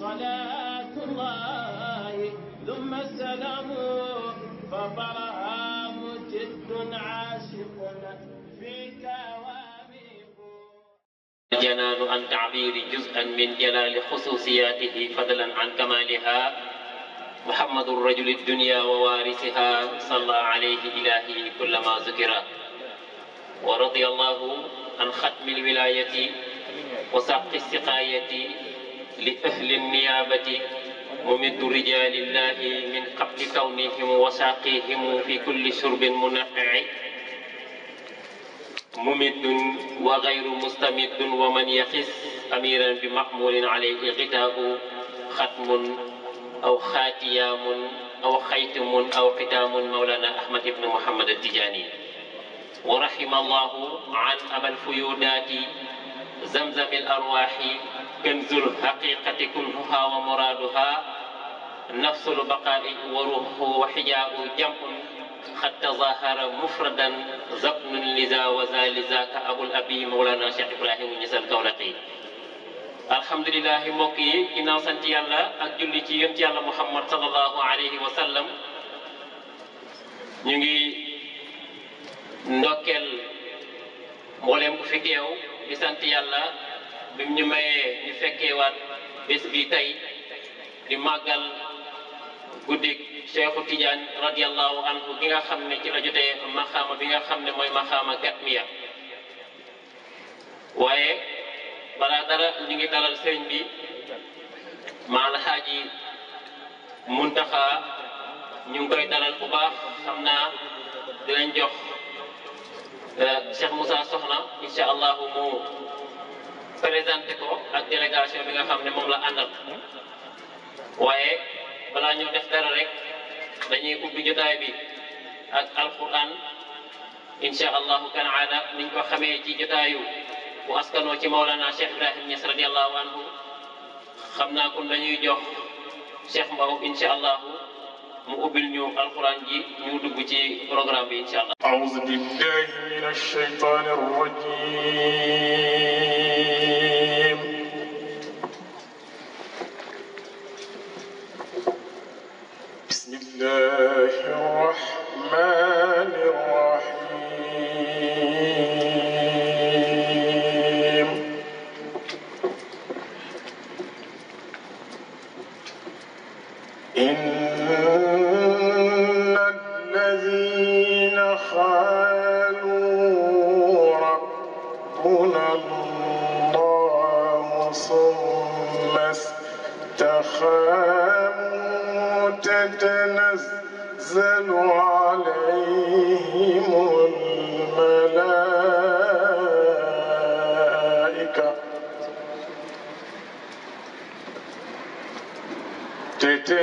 صلاة الله ثم السلام فطرها مجد عاشق فيك واميق جنان عن تعبير جزءا من جلال خصوصياته فضلا عن كمالها محمد الرجل الدنيا ووارثها صلى عليه إلهي كلما ذكر ورضي الله عن ختم الولاية وساق السقاية لأهل النيابة ممد رجال الله من قبل كونهم وساقيهم في كل شرب منقع ممد وغير مستمد ومن يخس أميرا بمحمول عليه غتاه ختم أو خاتيام أو خيتم أو ختام مولانا أحمد بن محمد التجاني ورحم الله عن أبا الفيودات زمزم الأرواح كنز الحقيقة كنفها ومرادها نفس البقاء وروحه وحجاب جمع قد تظاهر مفردا زقن لذا وذا لذاك أبو الأبي مولانا شيخ إبراهيم نسى الكولقي alhamdulilah mbokk yi ginnaaw sant yàlla ak julli muhammad sallallahu alayhi wa sallam ñu ngi ndokkeel mboolem ku bi mu ñu mayee ñu fekkeewaat bés bi tey di màggal guddik Cheikhu Tidiane radiallahu anhu gi nga xam ne ci la jotee maxaama bi nga xam ne mooy maxaama katmiya waaye balaa dara ñu ngi dalal sëñ bi ma alxaaji Muntaxa ñu ngi koy dalal bu baax xam naa dinañ jox eh, Cheikh Moussa Soxna incha allahu mu présenté ko ak délégation bi nga xam ne moom la àndal waaye balaa ñoo def dara rek dañuy ubbi jotaay bi ak alquran insha allahu taala niñ ko xamee ci jotaayu bu askanoo ci Maulana Cheikh Ibrahim Niass radiallahu anhu xam naa kon dañuy jox Cheikh Mbow insha allahu mu ubbil ñu alquran ji ñu dugg ci programme bi insha allah. a'uuzu billahi minash shaytaani rajim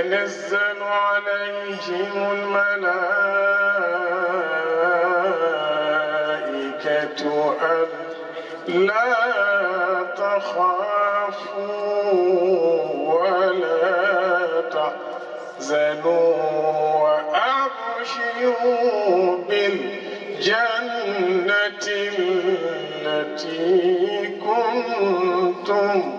تنزل عليهم الملائكة ألا تخافوا ولا تحزنوا وأبشروا بالجنة التي كنتم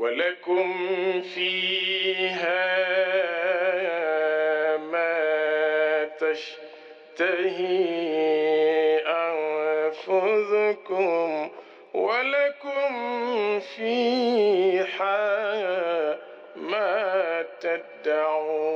ولكم فيها ما تشتهي أنفسكم ولكم فيها ما تدعون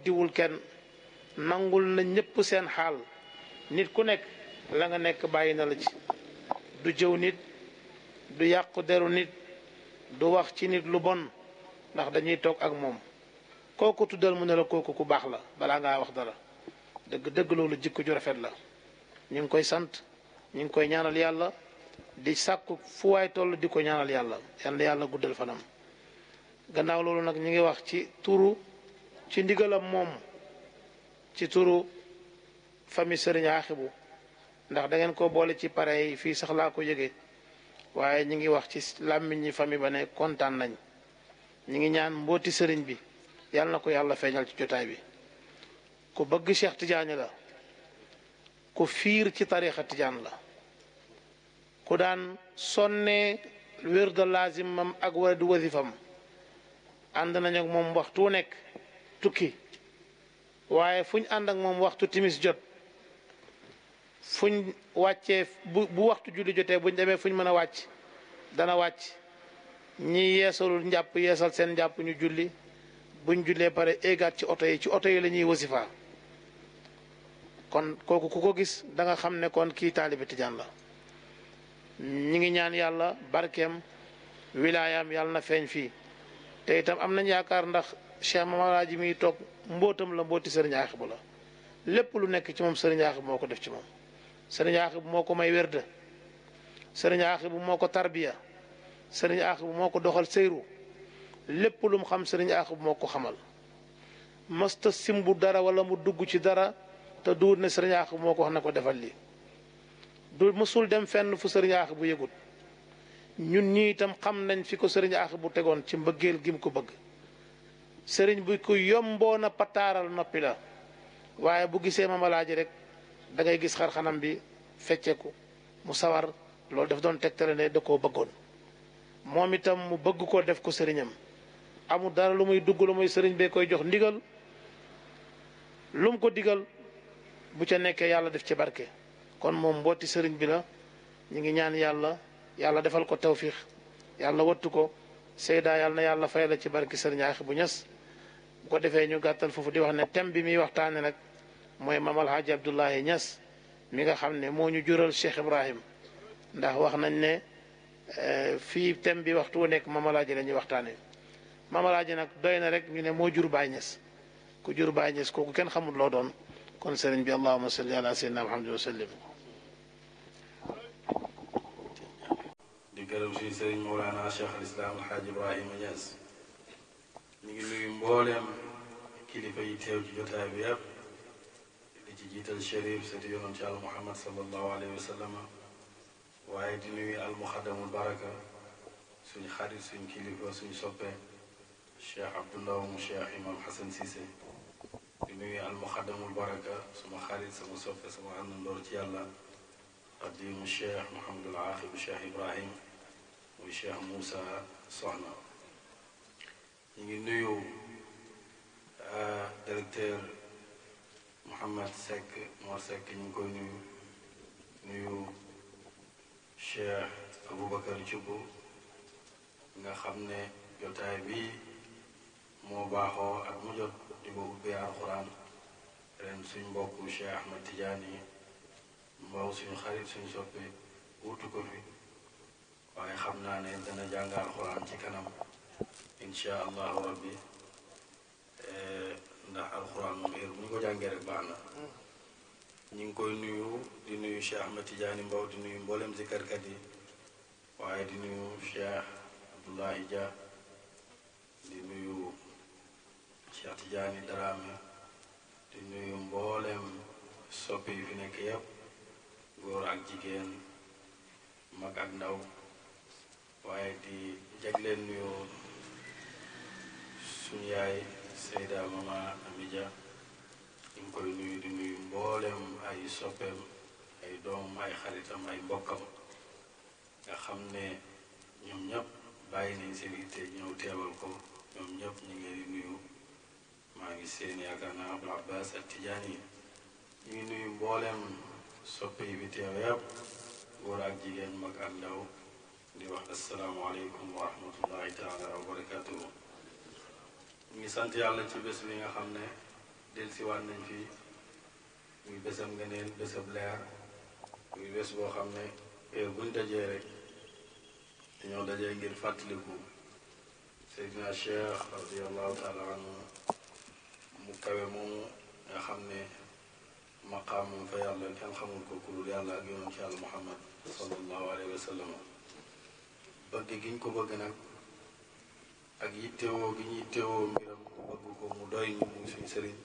boddiwul kenn nangul na ñëpp seen xaal nit ku nekk la nga nekk bàyyi na la ci du jëw nit du yàqu deru nit du wax ci nit lu bon ndax dañuy toog ak moom kooku tuddal mu ne la kooku ku baax la balaa ngaa wax dara dëgg dëgg loolu jikko ju rafet la ñu ngi koy sant ñu ngi koy ñaanal yàlla di sàkku fu waay toll di ko ñaanal yàlla yal na yàlla guddal fanam gannaaw loolu nag ñu ngi wax ci turu ci ndigalam moom ci turu famille Serigne Aaxibu ndax dangeen ko boole ci pare yi fii sax laa ko yëgee waaye ñi ngi wax ci làmmiñ ñi famille ba ne kontaan nañ ñi ngi ñaan mbooti sëriñ bi yàlla na ko yàlla feeñal ci jotaay bi ku bëgg Cheikh Tidiane la ku fiir ci tarixa Tidiane la ku daan sonne wér da laazimam ak war wasifam ànd nañu ak moom waxtu nekk tukki waaye fu ñu ànd ak moom waxtu timis jot fuñ wàccee bu bu waxtu julli jotee buñ demee fuñ mën a wàcc dana wàcc ñi yeesalul njàpp yeesal seen njàpp ñu julli buñ jullee pare éegaat ci oto yi ci oto yi lañuy ñuy wasifaa kon kooku ku ko gis da nga xam ne kon kii taalibe tijaan la ñi ngi ñaan yàlla barkeem wilaayaam yàlla na feeñ fii te itam am nañ yaakaar ndax Cheikh Mamadou ji miy toog mbootam la mbooti sëriñ Aaxibu la lépp lu nekk ci moom sëriñ Aaxibu moo ko def ci moom sëriñ bu moo ko may wérde sëriñ Aaxibu moo ko tarbiya sëriñ Aaxibu moo ko doxal seyru lépp lu mu xam sëriñ Aaxibu moo ko xamal masta simbu dara wala mu dugg ci dara te duur ne sëriñ Aaxibu moo ko wax na ko defal lii du mësul dem fenn fu sëriñ bu yëgut ñun ñii itam xam nañ fi ko sëriñ bu tegoon ci mbëggeel gi mu ko bëgg sëriñ bi ku yomboon a pataaral noppi la waaye bu gisee mamalaaji rek da ngay gis xar xanam bi fecceeku mu sawar loolu daf doon tegtale ne da ko bëggoon moom itam mu bëgg koo def ko sëriñam amul dara lu muy dugg lu muy sëriñ bee koy jox ndigal lum ko digal bu ca nekkee yàlla def ci barke kon moom mbooti sëriñ bi la ñu ngi ñaan yàlla yàlla defal ko tawfiix yàlla wattu ko Seyda yàlla na yàlla fay la ci barke sëriñ bu Ñas bu ko defee ñu gàttal foofu di wax ne thème bi muy waxtaane nag mooy maam Alhaaji Abdoulaye Niass mi nga xam ne moo ñu jural Cheikh Ibrahim ndax wax nañ ne euh, fii thème bi waxtu wu nekk maam Alhaaji la ñuy waxtaane maam Alhaaji nag doy na rek ñu ne moo jur Baay Niass ku jur Baay Niass kooku kenn xamul loo doon kon sëriñ bi allahuma salli ala sayyidina Muhammad wa sallim di gërëm si sëriñ Mawlana ñu ngi nuyu mbooleem kilifa yi teew ci jotaay bi yépp di ci jiital shérif sati yonoon ci al muhammad sallallahu alayhi wa sallam waaye di nuyu al muxaddamul baraka suñ xarit suñ kilifa suñ soppee cheikh abdullah mu cheikh imam xasan Cissé di nuyu al muxaddamul baraka suma xarit sama soppe sama àndandoor ci yàlla xadimu cheikh muhammadul aaqib cheikh ibrahim muy cheikh Moussa Soxna ñu ngi nuyu euh, directeur Mouhamed Seck Mor Seck ñu ngi koy nuyu nuyu Cheikh Aboubacar Thioub nga xam ne jotaay bi moo baaxoo ak mu jot di ko ubbee alxuraan ren suñ mbokk Cheikh Ahmed Tidiane yi mbaw suñu xarit suñ soppe wutu ko fi waaye xam naa ne dana jàng alxuraan ci kanam insha allahu rabbi eh, ndax alxuraan moom heure bu ko jàngee rek baax na ñu ngi koy nuyu di nuyu Cheikh Ahmed Tidiane Mbow di nuyu mboolem zikarkat yi waaye di nuyu Cheikh Abdoulahi Dia di nuyu Cheikh Tidiane Darame di nuyu mboolem soppi yu fi nekk yépp góor ak jigéen mag ak ndaw waaye di jag leen suñu yaay Seyda Mama Amidia ñu ngi koy nuyu di nuyu mboolem ay soppeem ay doomam ay xaritam ay mbokkam nga xam ne ñoom ñëpp bàyyi nañ seen yitte ñëw teewal ko ñoom ñëpp ñu ngi nuyu maa ngi seen yaakaar naa Abdou Abbas ak Tijaan ñu ngi nuyu mboolem soppe yi bi teew ak jigéen mag ak di wax asalaamaaleykum wa rahmatullahi taala wa ñu sant yàlla ci bés bi nga xam ne dellusiwaat nañ fii muy bésam ngeneen bésab leer muy bés boo xam ne heure buñ dajee rek dañoo dajee ngir fàttaliku Seydina Cheikh radiallahu taala anhu mu kawe moomu nga xam ne maqaamam fa yàlla kenn xamul ko ku dul yàlla ak yoon ci yàlla Muhammad sallallahu alayhi wa sallam bëgg giñ ko bëgg nag ak yittewoo gi ñu yittewoo mbiram bëgg ko mu doy ñu muy sëriñ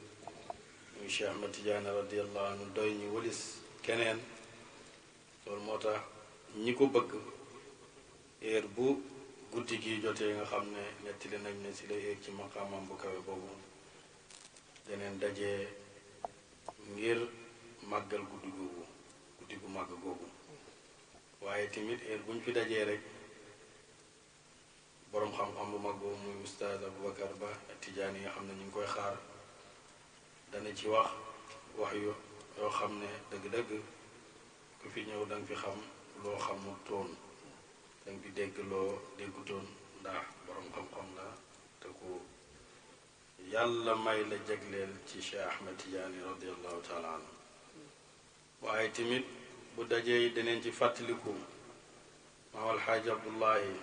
muy Cheikh radiallahu anhu doy ñu walis keneen loolu moo tax ñi ko bëgg heure bu guddi gi jotee nga xam ne nettali nañ ne si la heure ci maqaamam bu kawe boobu deneen dajee ngir màggal guddi googu guddi gu màgg googu waaye tamit heure bu ñu fi dajee rek boroom xam-xam bu mag boobu muy oustaz Aboubacar Ba tijaan yi xam ne ñu ngi koy xaar dana ci wax wax yu yoo xam ne dëgg-dëgg ku fi ñëw danga fi xam loo xamul toon danga fi dégg loo déggutoon ndax boroom xam-xam la te ku yàlla may la jagleel ci Cheikh Ahmed Tidiane radiallahu taala waaye tamit bu dajee dinañ ci fàttaliku maam alxaaji Abdullahi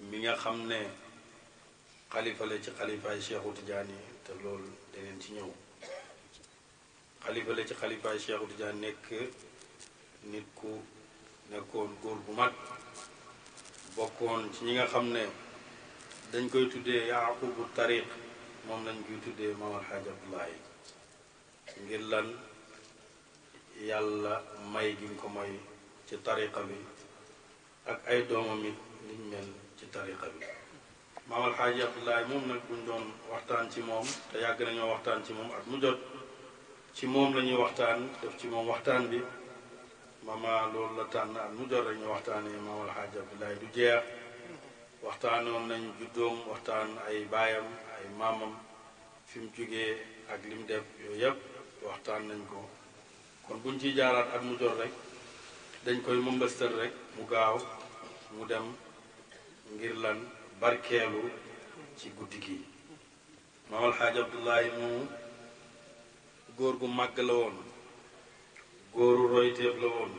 mi nga xam ne xalifa la ci xalifaay Cheikhu Tidiane yi te loolu deneen ci ñëw xalifa la ci xalifaay Cheikhu Tidiane nekk nit ku nekkoon góor bu mag bokkoon ci ñi nga xam ne dañ koy tuddee yaaqubu tariq moom lañ koy tuddee Maam Alxaaji Abdoulaye ngir lan yàlla may gi ko may ci tariqa bi ak ay doomam it niñ mel ci tariqa bi maam alxaaji abdullahi moom nag buñ doon waxtaan ci moom te yàgg nañoo waxtaan ci moom at mu jot ci moom la ñuy waxtaan def ci moom waxtaan bi mama loolu la tànn at mu jot rek ñu waxtaanee maam alxaaji abdullahi du jeex waxtaanoon nañ juddoom waxtaan ay baayam ay maamam fi mu jógee ak lim def yooyu yëpp waxtaan nañ ko kon buñ ciy jaaraat at mu jot rek dañ koy mëmbëstal rek mu gaaw mu dem ngir lan barkeelu ci guddi gi mamal xaaj abdullahi moomu góor gu màgg la woon góoru royteef la woon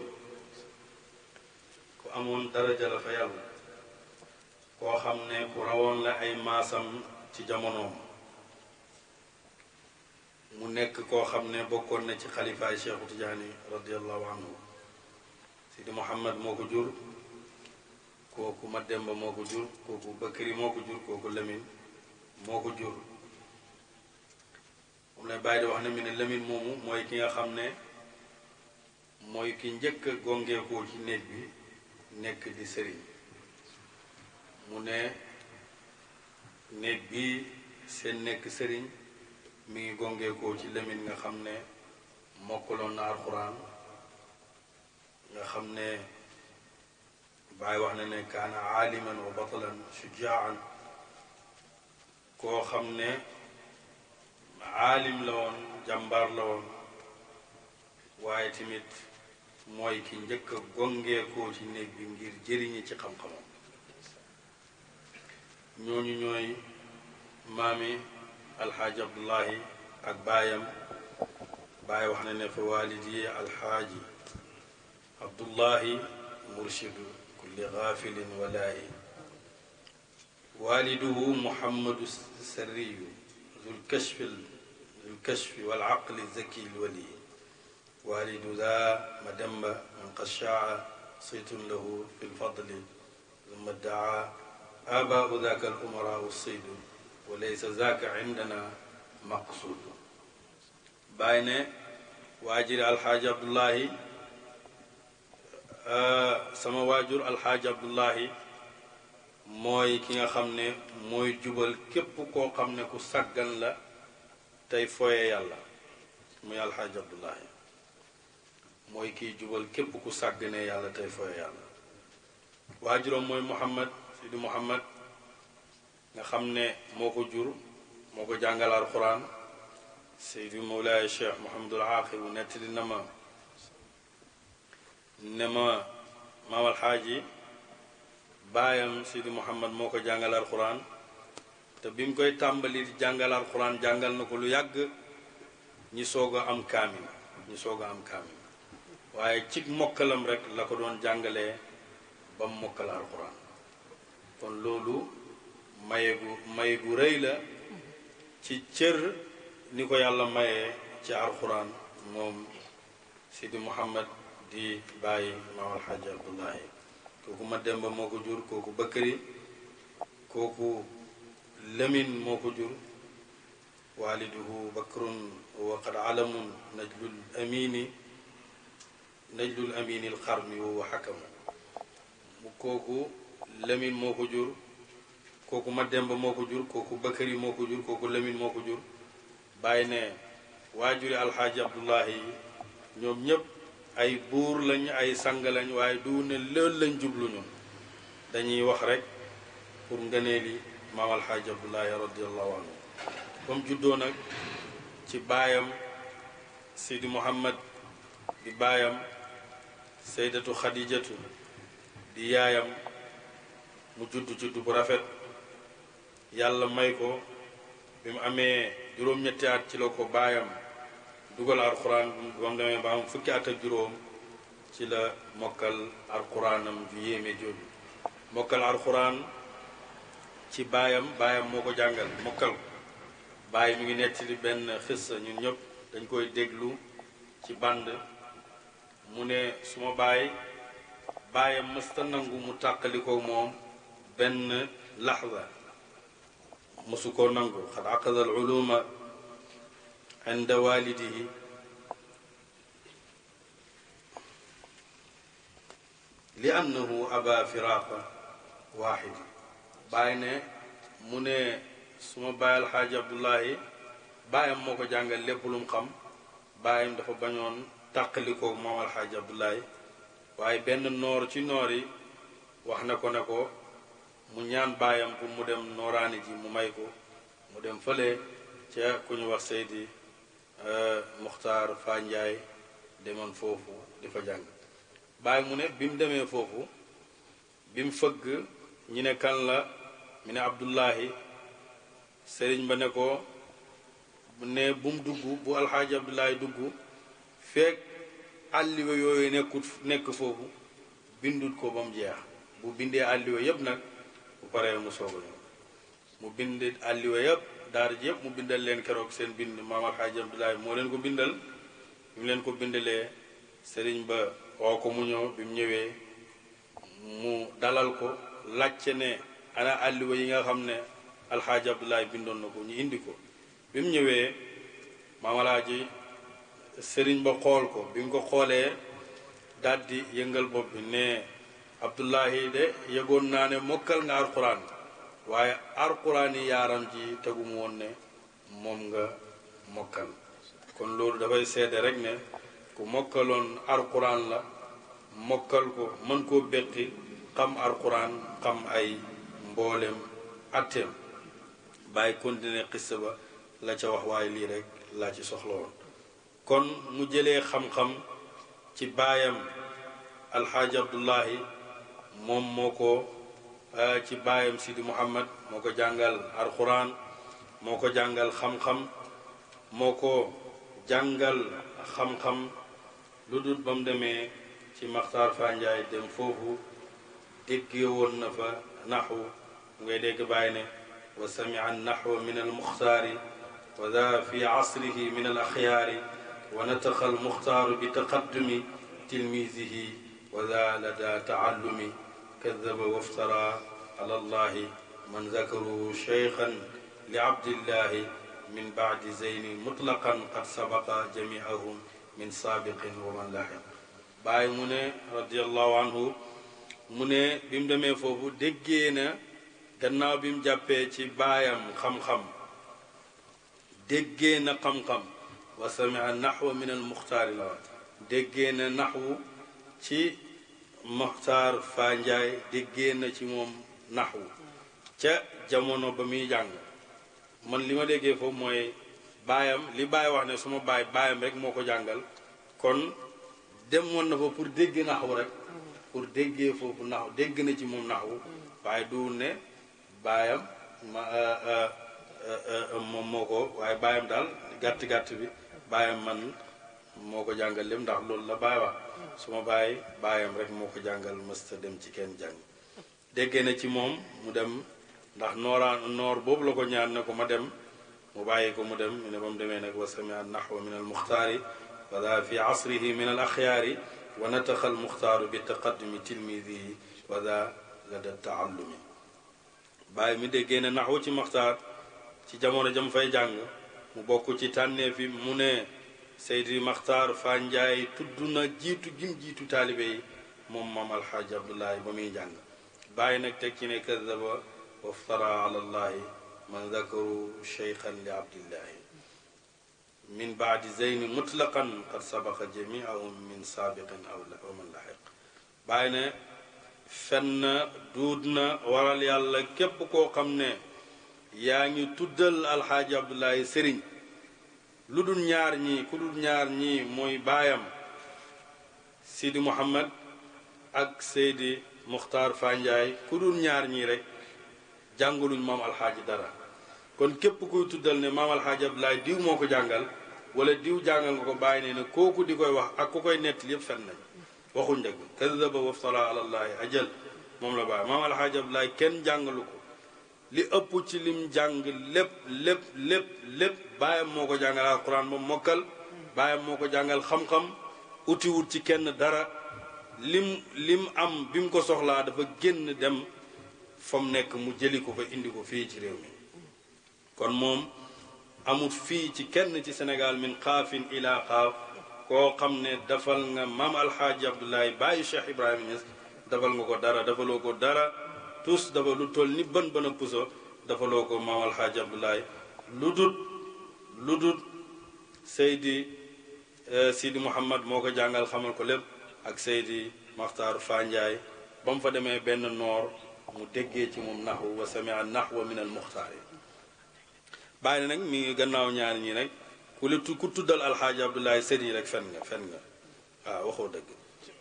ku amoon daraja la fa yàlla koo xam ne ku rawoon la ay maasam ci jamonoom mu nekk koo xam ne bokkoon na ci xalifaay cheikhu tijaani radiallahu anhu sidi muhammad moo ko jur kooku Mademba moo ko jur kooku Bakari moo ko jur kooku Lamine moo ko jur moom lay bàyyi di wax ne mi ne Lamine moomu mooy ki nga xam ne mooy ki njëkk a gongeekoo ci néeg bi nekk di sëriñ mu ne néeg bi seen nekk sëriñ mi ngi gongeekoo ci Lamine nga xam ne mokkaloon na alxuraan nga xam ne bàyyi wax na ne kaana aaliman wa batalan shujaan koo xam ne alim la woon jàmbaar la woon waaye timit mooy ki njëkk a gongeekoo ci néeg bi ngir jëriñi ci xam-xamam ñooñu ñooy maami alxaaji abdullahi ak baayam baay wax na ne fa waalidi alxaaji abdullahi murshidu li gaafilin walaayi waaliduhu muhammadu sarriyu zul kashfi zul kashfi wal aqli zaki lwali waalidu daa madamba man qashaa saytun lahu fi lfadli ثم ادعى آباء ذاك الأمراء الصيد وليس ذاك عندنا مقصود باين واجر الحاج عبد الله Euh, sama waajur alxaaji abdullahi mooy ki nga xam ne mooy jubal képp koo xam ne ku sàggan la tey fooye yàlla muy alxaaji abdullahi mooy kii jubal képp ku sàgganee yàlla tey fooye yàlla waajuram mooy muhammad sidi muhammad nga xam ne moo ko jur moo ko jàngal alxuraan seydi mawlaay cheikh muhammadul netti nettali na ma ne ma maawal xaaji baayam Sidi Muhammad moo ko jàngal alxuraan te bi mu koy tàmbali di jàngal alxuraan jàngal na ko lu yàgg ñi soog a am kaamil ñi soog a am kaamil waaye ci mokkalam rek la ko doon jàngalee ba mu mokkal alxuraan kon loolu maye gu maye gu rëy la ci cër ni ko yàlla maye ci alxuraan moom Sidi Muhammad di bàyyi maam alxaaji abdullahi kooku ma demba moo ko jur kooku bëkkëri kooku lamin moo ko jur waaliduhu bakrun wa qad alamun najlul amini najlul amini alxarmi wa xakamu kooku lamin moo ko jur kooku ma demb moo ko jur kooku bëkkëri moo ko jur kooku lamin moo ko jur bàyyi ne waajuri alxaaji abdullahi ñoom ñëpp ay buur lañ ay sang lañ waaye du ne loolu lañ jubluñu dañuy wax rek pour li maam alxaaji abdullahi radiallahu anhu comme juddoo nag ci baayam seydi muhammad di baayam seydatu xadijatu di yaayam mu judd judd bu rafet yàlla may ko bi mu amee juróom-ñetti at ci la ko baayam dugal alquran ba mu demee ba am fukki at juróom ci la mokkal alquranam ju yéeme jooju mokkal alquran ci baayam baayam moo ko jàngal mokkal baay mi ngi nettali benn xissa ñun ñëpp dañ koy déglu ci band mu ne suma baay baayam mësta nangu mu tàqalikoo moom benn laxza mësu koo nangu xad uluma عند والده لأنه أبا فراق ne mu ne suma baay alxaaji abdullahi baayam moo ko jàngal lépp lu mu xam baayam dafa bañoon tàqalikoo moom alxaaji abdullahi waaye benn noor ci noor yi wax na ko ne ko mu ñaan baayam pour mu dem nooraani ji mu may ko mu dem fële ca ku ñu wax seydi Euh, Muxtaar Faa Njaay demoon foofu di fa jàng bàyyi mu ne bim demee foofu bim mu fëgg ñu ne kan la mu ne Abdullahi sëriñ ba ne ko ne bu dugg bu alxaaji Abdullahi dugg fekk àlliwe yooyu nekkut nekk foofu bindut ko ba mu jeex bu bindee àlliwe yépp nag bu paree mu soog a mu bind àlliwe yépp daara ji yëpp mu bindal leen keroog seen bind maam alxaaji abdoulaye moo leen ko bindal ñu leen ko bindalee sëriñ ba woo ko mu ñëw bi mu ñëwee mu dalal ko laajte ne yi nga xam ne alxaaji abdoulaye bindoon na ko ñu indi ko bi mu ñëwee maam alxaaji sëriñ ba xool ko bi mu ko xoolee daldi yëngal bopp bi ne abdoulahi de yëgoon naa ne mokkal nga alxuraan waaye alquran yi yaaram ji tegu mu woon ne moom nga mokkal kon loolu dafay seede rek ne ku mokkaloon alquran la mokkal ko mën koo béqi xam alquran xam ay mbooleem atteem bàyyi continuer xissa ba la ca wax waaye lii rek laa ci soxla woon kon mu jëlee xam-xam ci baayam alxaaji abdullahi moom moo ko Euh, ci baayam Sidi Muhammad moo ko jàngal alxuraan moo ko jàngal xam-xam moo ko jàngal xam-xam lu dul ba demee ci Maxtaar Faa dem foofu déggee woon nafa fa naxwu mu ngay dégg bàyyi ne wa samia naxwa min almuxtaari wa da fi asrihi min alaxyaari wa nataxa almuxtaaru bi taqaddumi tilmisihi wa lada taallumi kadaba waftara ala allahi man zakaru cheikhan li abdillahi min baadi zeyni mutlaqan qad sabaqa jamiahum min saabiqin wa man laxiq bàyyi mu ne radiallahu anhu mu ne bi mu demee foofu déggee na gannaaw bi mu jàppee ci baayam xam-xam déggee na xam-xam wa samia naxwa min almuxtaari la déggee na naxwu ci Maxtaar Fa Njaay déggee na ci moom naxwu ca jamono ba muy jàng man li ma déggee foofu mooy baayam li baay wax ne suma baay baayam rek moo ko jàngal kon demoon na fa pour dégg naxwu rek pour déggee foofu naxwu dégg na ci moom naxwu waaye duwul ne baayam ma euh, euh, euh, moom moo ko waaye baayam daal gàtt gàtt bi baayam man moo ko jàngal lépp ndax loolu la baay wax suma baay baayam rek moo ko jàngal mësta dem ci kenn jàng déggee na ci moom mu dem ndax nooraan noor boobu la ko ñaan na ko ma dem mu bàyyi ko mu dem mu ne ba mu demee nag wa samia nahwa min al muxtaari wada fi asrihi min al axyaari wa nataxa al muxtaaru bi taqaddumi tilmidihi wada lada taallumi baay mi déggee ne naxwu ci muxtaar ci jamono jam fay jàng mu bokk ci tànnee mu ne Seydi Maxtaar Fa Njaay tudd na jiitu gim jiitu taalibe yi moom maam alxaaji Abdullahi ba muy jàng bàyyi nag teg ci ne kadaba waftara ala llahi man dakaru cheikhan li abdillahi min baadi zeyni mutlaqan qad sabaqa jamiahum min saabiqin aw man laxiq bàyyi ne fenn duud na waral yàlla képp koo xam ne yaa ngi tuddal alxaaji Abdullahi sëriñ lu dul ñaar ñii ku dul ñaar ñii mooy baayam Sidi Mouhammad ak Seydi Muxtaar Fanjaay ku dul ñaar ñii rek jàngaluñ maam alxaaji dara kon képp kuy tuddal ne maam alxaaji Abdoulaye diw moo ko jàngal walla diw jàngal nga ko bàyyi ne ne kooku di koy wax ak ku koy nettali yépp fen nañ waxuñ dëgg kadaba waftara alallahi ajal moom la bàyyi maam alxaaji Abdoulaye kenn jàngalu ko li ëpp ci lim jàng lépp lépp lépp lépp baayam moo ko jàngal alquran ba mokkal baayam moo ko jàngal xam-xam utiwul ci kenn dara lim lim am bi mu ko soxlaa dafa génn dem fa mu nekk mu jëli ko fa indi ko fii ci réew mi kon moom amut fii ci kenn ci senegal min xaafin ila xaaf koo xam ne defal nga maam alxaaji Abdoulaye bàyyi Cheikh Ibrahima Niass dafal nga ko dara defaloo ko dara tous dafa lu toll ni bën bën a puso dafa loo ko maam alxaaji abdoulaye lu dut lu dut seydi eh, sidi mouhamad moo ko jàngal xamal ko lépp ak seydi maxtaar fandiaay ba mu fa demee benn noor mu déggee ci moom naxwu wa samia naxwa min al muxtaar yi bàyyi nag mi ngi gannaaw ñaari ñi rek ku li ku tuddal alxaaji abdoulaye sëriñ rek fen nga fen nga waaw waxoo dëgg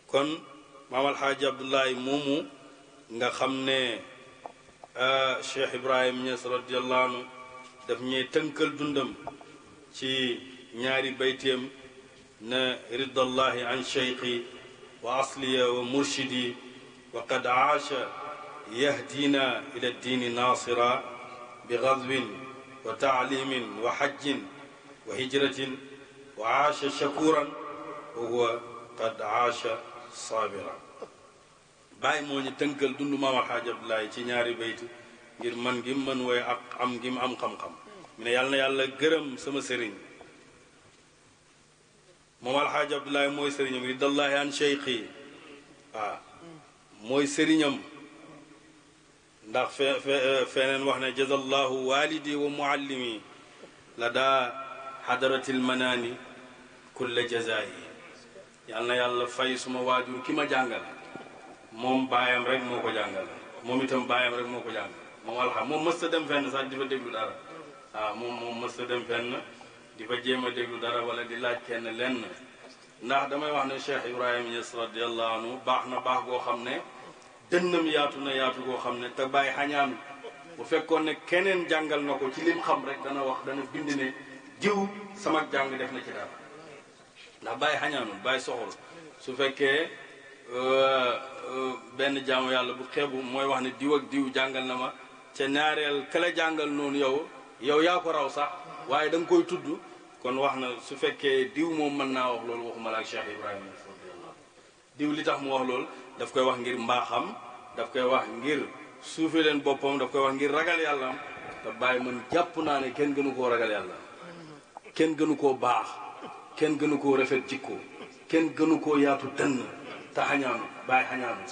kon maam alxaaji abdoulaye moomu nga xam ne Cheikh Ibrahim Niass radiyallahu anhu daf ñuy tënkal dundam ci ñaari bayteem na ridallahi an cheikhi wa asliya wa murshidi wa qad aasha yahdina ila diini naasira bi gadwin wa taalimin wa xajjin wa hijratin wa aasha shakuran wa huwa qad aasha saabira bàyyi moo ñu tënkal dundu maam alxaaji abdoulaye ci ñaari bayt ngir man gi mën am gi mu am xam-xam yàlla na yàlla gërëm sama sëriñ moom alxaaji abdoulaye mooy sëriñam ridallahi an cheikhi mooy sëriñam ndax feneen wax ne jazallahu walidi wa muallimi la daa xadaratil manaani kulla jazaayi yàlla na yàlla fay suma waajur ki ma jàngal moom baayam rek moo ko jàngal moom itam baayam rek moo ko jàngal moom alxam moom mës ta dem fenn sax di fa déglu dara waaw moom moom mës dem fenn di fa jéem a déglu dara wala di laaj kenn lenn ndax damay wax ne Cheikh Ibrahima Niass radiallahu anhu baax na baax goo xam ne dënnam yaatu na yaatu goo xam ne te baay xañaan bu fekkoon ne keneen jàngal na ko ci lim xam rek dana wax dana bind ne jiw sama jàng def na ci dara ndax bàyyi xañaanul bàyyi soxol su fekkee Euh, euh, benn jaamu yàlla bu xeebu mooy wax ne diw ak diw jàngal na ma ca ñaareel kala jàngal noonu yow yow yaa ko raw sax waaye da koy tudd kon wax na su fekkee diw moom mën naa wax loolu waxuma la ak Cheikh Ibrahima diw li tax mu wax loolu daf koy wax ngir mbaaxam daf koy wax ngir suufee leen boppam daf koy wax ngir ragal yàlla te bàyyi man jàpp naa ne kenn gënu koo ragal yàlla kenn gënu koo baax kenn gënu koo rafet jikko kenn gënu koo yaatu dënn te xañaanu bàyyi xañaanu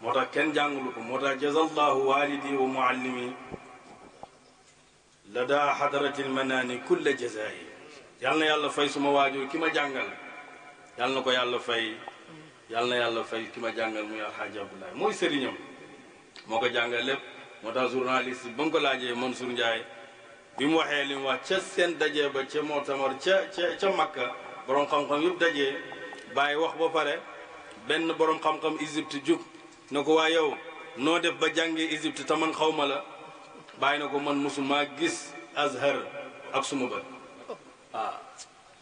moo tax kenn jàngulu ko moo tax jazallahu walidi wa muallimi lada xadarati lmanaani kulla jazaayi yal yàlla fay suma waajur ki ma jàngal yal na ko yàlla fay yal na yàlla fay ki ma jàngal muy alxaaji abdoulaye mooy sëriñam moo ko jàngal lépp moo tax journaliste ba ko laajee Mansour Ndiaye bi mu waxee mu wax ca seen dajee ba ca mootamar ca ca ca makka boroom xam-xam yëpp dajee bàyyi wax ba pare benn borom xam-xam Égypte jug na ko waa yow noo def ba jàngee Égypte ta man xaw ma la bàyyi na ko man mosumaa gis azhar ak suma bët ah, waaw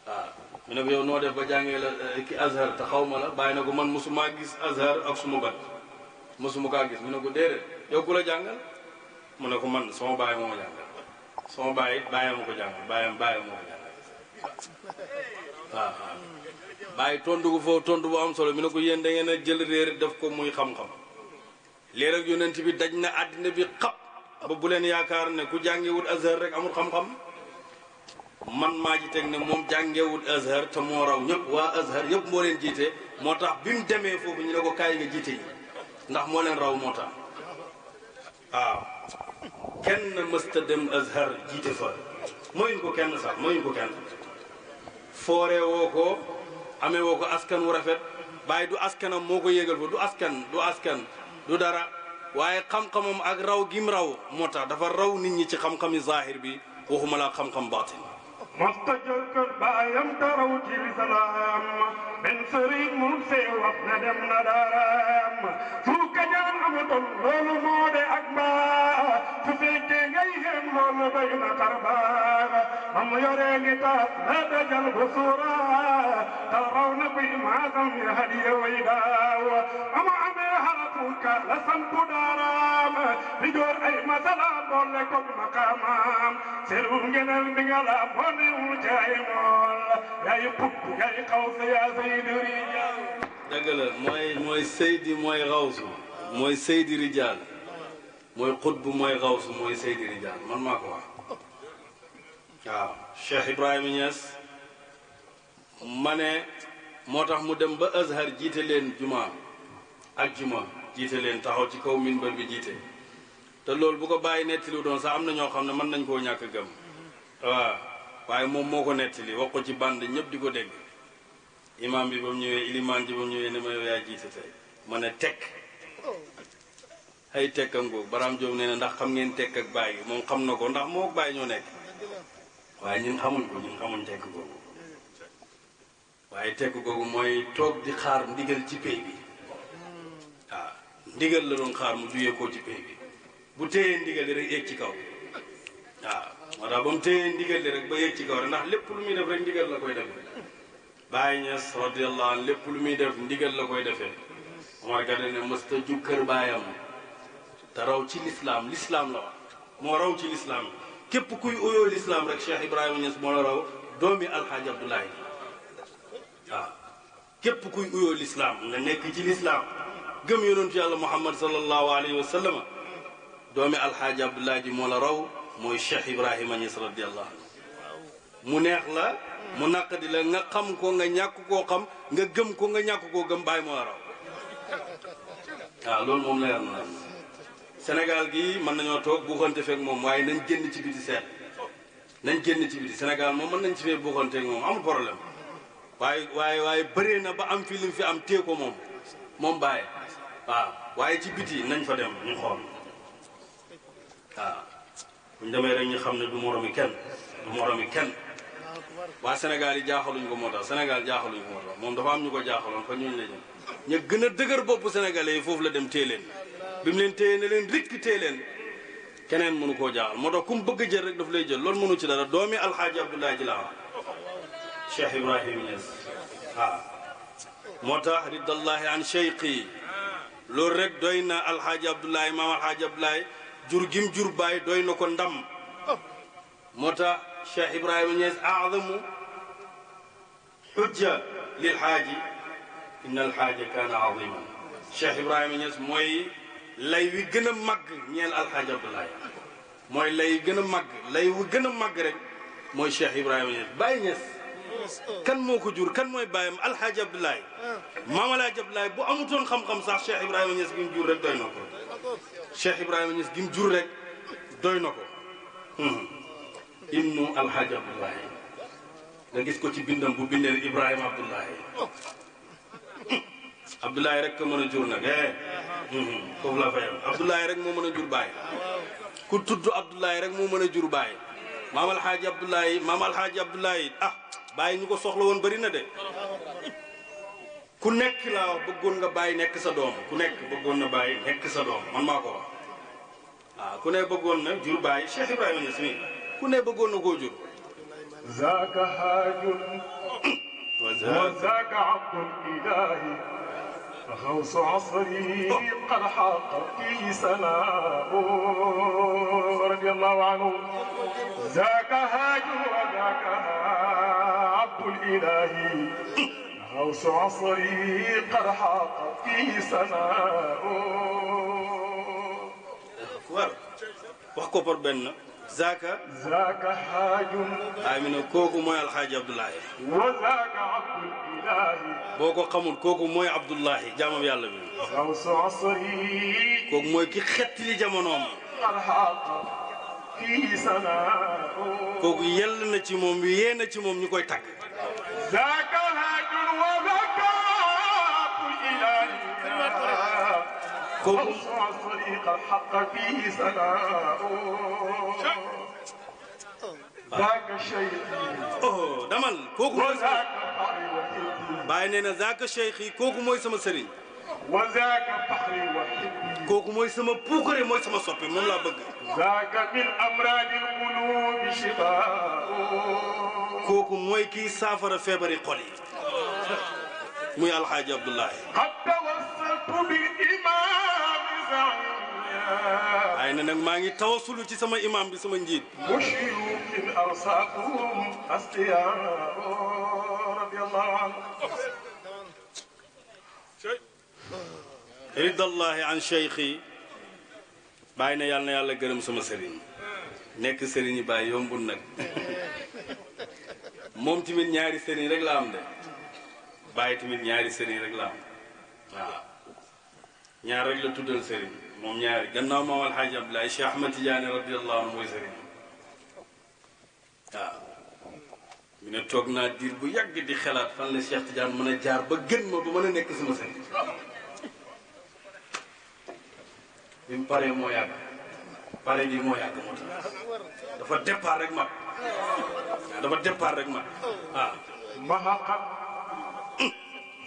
ah. waaw mu noo def ba jàngee la eh, ki azhar te xaw ma la bàyyi na ko man mosumaa gis azhar ak suma bët mosuma kaa gis mu ne ko déedéet yow ku la jàngal mu ne ko man sama bàyyi moo ma jàngal sama bàyyi bàyyi ma ko jàngal bàyyi bàyyi ma ko jàngal waaw ah, bàyyi tontu ko foofu bu am solo mu ne ko yéen da ngeen a jël réer def ko muy xam-xam léer ak yonent bi daj na àddina bi xap ba bu leen yaakaar ne ku jàngewut azhar rek amul xam-xam man maa ji teg ne moom jàngewut azhar te moo raw ñëpp waa azhar ñëpp moo leen jiite moo tax bi mu demee foofu ñu ne ko kaay nga jiite yi ndax moo leen raw moo tax waaw kenn mësta dem azhar jiite fa mayuñ ko kenn sax mayuñ ko kenn fooree ko amee woo ko askan wu rafet bàyyi du askanam moo ko yéegal fa du askan du askan du dara waaye xam-xamam ag raw gim raw moo tax dafa raw ni ñi ci xam-xami zahir bi waxuma laa xam-xam baatin masta jël kër baayam taraw ci lislaam benn sëriñ mun see wax na dem na daram su kajaan amutoon loolu moo de ak mbaa su fekkee ngay xeem loolu doy na xarbaax am yore ngi taas na dajal bu بن معظم هدي ويداو أما أمي هرطوك لسم بدارام رجور أي مسلا بولكم مقامام سرونجن المغلا بولي جاي مول يا يقب يا قوس يا سيد رجال دقلا موي موي سيدي موي غوصو موي سيدي رجال mooy xutbu mooy xawsu mooy Seydi Rijal man maa ko wax waaw Cheikh Ibrahima Niass ma ne moo tax mu dem ba azhar jiite leen juma ak juma jiite leen taxaw ci kaw minbar bi jiite te loolu bu ko bàyyi nettali doon sax am na ñoo xam ne mën nañ koo ñàkk gëm waaw waaye moom moo ko nettali wax ko ci band ñëpp di ko dégg imaam bi ba mu ñëwee ilimaan ji ba mu ñëwee ne ma yow yaa jiite tey ma tekk ay tekk ngoog baraam joom nee na ndax xam ngeen tekk ak bàyyi moom xam na ko ndax moo bàyyi ñoo nekk waaye ñun xamuñ ko ñun xamuñ tekk googu waaye tekk googu mooy toog di xaar ndigal ci pay bi waaw ndigal la doon xaar mu ju koo ci pay bi bu téyee ndigal li rek yéeg ci kaw waaw moo tax ba mu téyee ndigal li rek ba yéeg ci kaw rek ndax lépp lu muy def rek ndigal la koy defee Baye Niass radiyallahu lépp lu muy def ndigal la koy defee Omar Gade ne mësta ju kër baayam te raw ci lislaam lislaam la moo raw ci lislaam képp kuy óyoo lislaam rek Cheikh Ibrahima Niass moo la raw doomi alxaaji waaw képp kuy uyoo lislaam nga nekk ci lislaam gëm yonentu yàlla muhammad sallallahu alayhi wa sallam doomi alxaaji abdullah ji moo la raw mooy cheikh ibrahima ñas radiallahu anhu mu neex la mu di la nga xam ko nga ñàkk koo xam nga gëm ko nga ñàkk koo gëm bàyyi moo la raw waaw loolu moom la yàlla na Sénégal gi mën nañoo toog buuxante feeg moom waaye nañ génn ci biti seet nañ génn ci biti senegal moom mën nañ ci fee buuxante ak moom amul problème waaye waaye waaye bëree na ba am fi lim fi am téye ko moom moom baay waaw waaye ci biti nañ fa dem ñu xool waaw buñ demee ñu xam ne du moromi kenn du moromi kenn waa Sénégal yi jaaxaluñ ko moo tax Sénégal jaaxaluñ ko moo moom dafa am ñu ko jaaxaloon fa ñu la jëm ña gën a dëgër bopp sénégalais yi foofu la dem téye leen bi mu leen téye ne leen rikk téye leen keneen mënu koo jaaxal moo tax ku mu bëgg jël rek daf lay jël loolu mënu ci dara doomi alxaaji Abdoulaye ji laa Cheikh Ibrahim Niass waaw moo tax ridallahi an cheikhi loolu rek doy na alxaaji Abdoulaye maam alxaaji Abdoulaye jur gim jur baay doy na ko ndam moo tax Cheikh Ibrahima Niass aadamu xujja lilxaaji inna alxaaja kaana aziman Cheikh Ibrahima Niass mooy lay wi gën a màgg ñeel alxaaji Abdoulaye mooy lay gën a màgg lay wi gën a màgg rek mooy Cheikh Ibrahima Niass Baay Niass kan moo ko jur kan mooy bàyyam alxaaji abdoulaye ah. maam alxaaji abdoulaye bu amutoon xam-xam sax cheikh ibrahima ñes gim jur rek doy na ko cheikh ibrahima ñes gim jur rek doy na ko hmm. ibnu alxaaji gis ko ci bindam hmm. rek ko mën a jur nag eh hmm. foofu la fayam abdoulaye rek moo mën a jur bàyyi ku moo mën a jur maam alxaaji abdoulaye maam alxaaji abdoulaye ah bàyyi ñu ko soxla woon bëri na de ku nekk laa bëggoon nga bàyyi nekk sa doom ku nekk bëggoon na bàyyi nekk sa doom man maa ko wax ku ne bëggoon na jur bàyyi Cheikh Ibrahima Niass ku ne bëggoon na koo jur zaaka haajun wa zaaka abdul ilaahi xawsu asri qad xaqa fi sanaa radiyallahu anhu zaaka haajun wa zaaka الإله غوث عصري قد حاق فيه سماء أكبر وحكو بربنا zaaka zaaka xaajum amina kooku mooy alxaaji abdullahi wa zaaka abdullahi boo ko xamul kooku mooy abdullahi jaamam yàlla bi aw sosri kooku mooy ki xettili jamonoom alxaqa fi sana kooku yell na ci moom yee na ci moom ñu koy tàgg ذاك الهجر وذكاء الإله خمس الطريق الحق فيه سناء ذاك شيخي oh damal kooku mooy sama bàyyi nee na zaaka cheikh yi kooku mooy sama sëriñ wa zaaka faxri wa xibbi kooku mooy sama puukare mooy sama soppe moom laa bëgg zaaka min amraadi lqulubi shifaa kooku mooy kii saafara feebari xol yi muy alxaaji abdullahi waaye ne nag maa ngi tawasulu ci sama imam bi sama njiit ridallahi an cheikhi bàyyi na yàlla na yàlla gërëm sama sëriñ nekk sëriñ yi bàyyi yombul nag moom timit ñaari sëriñ rek la am de bàyyi tamit ñaari sëriñ rek la am waaw ñaar rek la tuddal sëriñ moom ñaari gannaaw moom alxaaji Abdoulaye Cheikh Ahmad Tidiane radiallahu mooy sëriñ waaw mu ne toog naa diir bu yàgg di xelaat fan la Cheikh Tidiane mën a jaar ba gën ma ba mën a nekk sama sëriñ bi mu paree moo yàgg pare bi moo yàgg moo tax dafa départ rek mag dafa départ rek ma waaw. Ah. mahaqat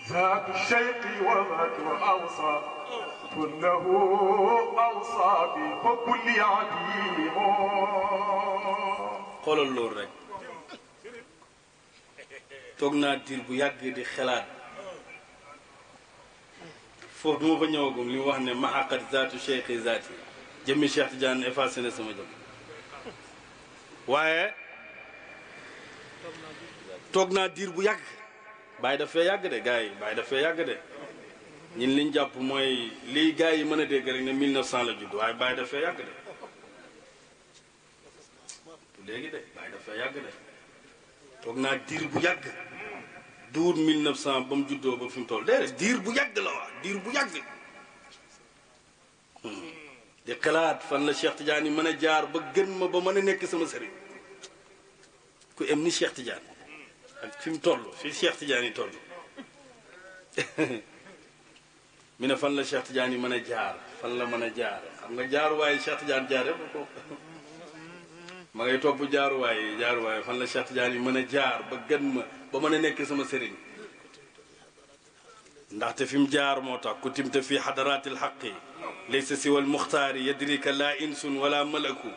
zaatu shayqi wa maatu awsa kunnahu awsa bi fa kulli adim xoolal loolu rek toog naa diir bu yàgg di xalaat foofu du ma fa ñëwagum li mu wax ne mahaqat zaatu shayqi zaati jëmmi Cheikh Tidiane effacé na sama jëm. waaye toog naa diir bu yàgg baay dafay fee yàgg de gars yi bàyyi dafay fee yàgg de ñun liñ jàpp mooy lii gars yi mën a dégg rek ne 1900 la judd waaye bàyyi daf fee yàgg de yàgg de toog naa diir bu yàgg duur 1900 ba mu juddoo ba fi mu toll déedéet diir bu yàgg la waa diir bu yàgg. Hmm. di xalaat fan la jaan yi mën a jaar ba gën ma ba mën a nekk sama sëriñ ku em ni Cheikh Tidiane ak fi mu toll fi Cheikh Tidiane yi toll mu ne fan la Cheikh jaan yi mën a jaar fan la mën a jaar xam nga jaaruwaay Cheikh Tidiane jaare ba ko ma ngay topp jaaruwaay jaaruwaay fan la Cheikh Tidiane yi mën a jaar ba gën ma ba mën a nekk sama sëriñ ndaxte fi mu jaar moo tax ku timte fii xadaraatil xaq yi laysa siwa almuxtaari yadrika laa insun wala malaku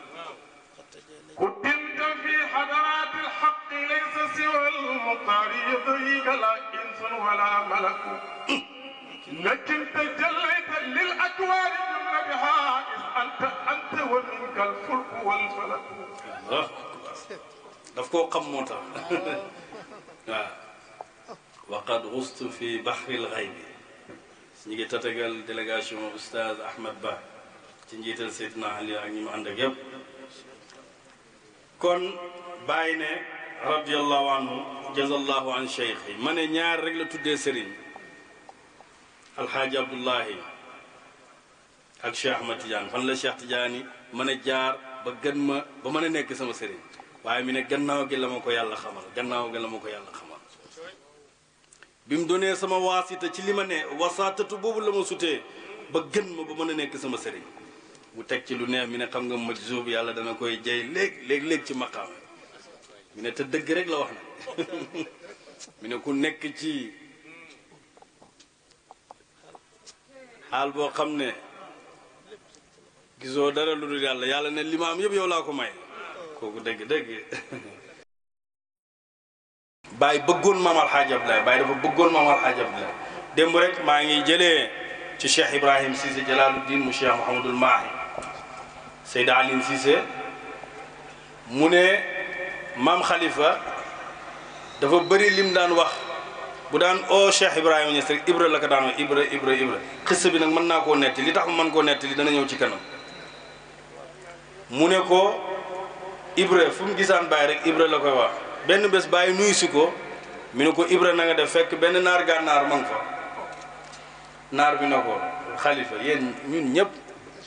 قدمت في حضرات الحق ليس سوى المطار يضيق لا انس ولا ملك لكن تجليت للاجوار بها اذ انت انت ومنك الفلك والفلك الله daf koo xam moo tax waaw waqad xustu fi baxri lxaybi ñu ngi tatagal délégation oustaz Ahmed Ba ci njiital Seydina Ali ak ñi mu ànd ak yëpp kon bàyyi ne radiallahu anhu jazallahu an cheikh ma ne ñaar rek la tuddee sëriñ alxaaji abdullahi ak cheikh ahmad tidiane fan la cheikh tidiane yi mën a jaar ba gën ma ba ma a nekk sama sëriñ waaye mi ne gannaaw gi la ma ko yàlla xamal gannaaw gi la ma ko yàlla xamal bi mu doonee sama waasita ci li ma ne wasaatatu boobu la ma sutee ba gën ma ba mën a nekk sama sëriñ mu teg ci lu neex mi ne xam nga ma majzuub yàlla dana koy jay léeg léeg léegi ci maqaam mu ne te dëgg rek la wax ne mi ne ku nekk ci xaal boo xam ne gisoo dara lu dul yàlla yàlla ne limaam yëpp yow laa ko may kooku dëgg dëgg Baye bëggoon maam Alxaaji Abdoulaye dafa bëggoon maam Alxaaji Abdoulaye démb rek maa ngi jële ci Cheikh Ibrahim Cissé Jalaaluddin mu Cheikh Mouhamadul Mahi Seyda Aline mu ne maam xalifa dafa bëri lim daan wax bu daan oo oh, Cheikh Ibrahima Niass rek Ibra la ko daan wax Ibra Ibra bi nag mën naa koo netti li tax mu mën koo netti li dana ñëw ci kanam mu ne ko Ibra fu mu gisaan Baye rek Ibra la koy wax. benn bés bàyyi nuyu si ko mu ne ko Ibra na nga def fekk benn naar gànnaar ma nga fa naar bi na ko xalifa yéen ñun ñëpp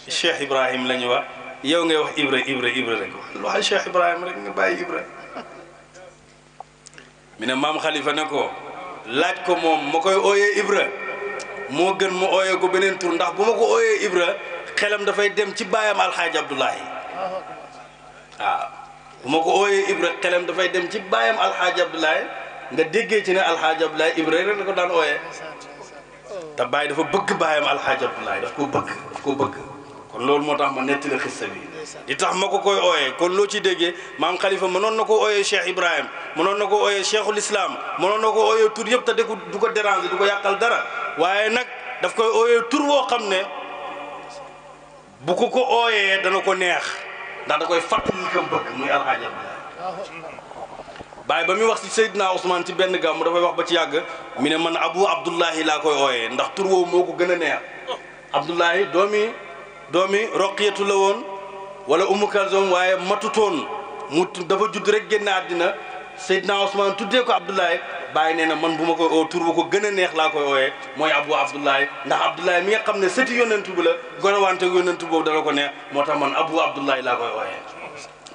Cheikh Ibrahim la ñu wax yow ngay wax Ibra Ibra Ibra rek waxal Cheikh Ibrahim rek nga bàyyi Ibra mu ne maam xalifa ne ko laaj ko moom ma koy ooyee Ibra moo gën mu ooyee ko beneen tur ndax bu ma ko ooyee Ibra xelam dafay dem ci baayam alxaaji Abdoulahi waaw bu ma ko ooyee Ibra xelam dafay dem ci baayam Alxaaji Abdoulaye nga déggee ci ne Alxaaji Abdoulaye Ibra rek la ko daan ooyee te baay dafa bëgg baayam Alxaaji Abdoulaye daf ko bëgg daf ko bëgg kon loolu moo tax ma nettali xissa bi di tax ma ko koy ooyee kon loo ci déggee maam Khalifa mënoon na ko ooyee Cheikh Ibrahim mënoon na ko ooyee Cheikhul mënoon na ko ooyee tur yëpp te de du ko déranger du ko yàqal dara waaye nag daf koy ooyee tur woo xam ne bu ko ko ooyee dana ko neex. ndax da koy fàttali kam bëgg muy alxaaji abdoulaye bàyyi ba muy wax si ci Seydina Ousmane ci benn gàmm dafay wax ba ci yàgg mi ne man abu abdullahi laa koy ooyee ndax tur woowu moo ko gën a neex abdullahi doomi doomi roqiyatu la woon wala umu kalzom waaye matutoon mu dafa judd rek génn àddina Seydina Ousmane tuddee ko abdullahi bàyyi nee na man bu ma koy oo tur bu ko gën a neex laa koy ooyee mooy abu abdullahi ndax abdullahi mi nga xam ne sëti yonent bi la gonawante yonent boobu dala ko neex moo tax man abu abdullahi laa koy ooyee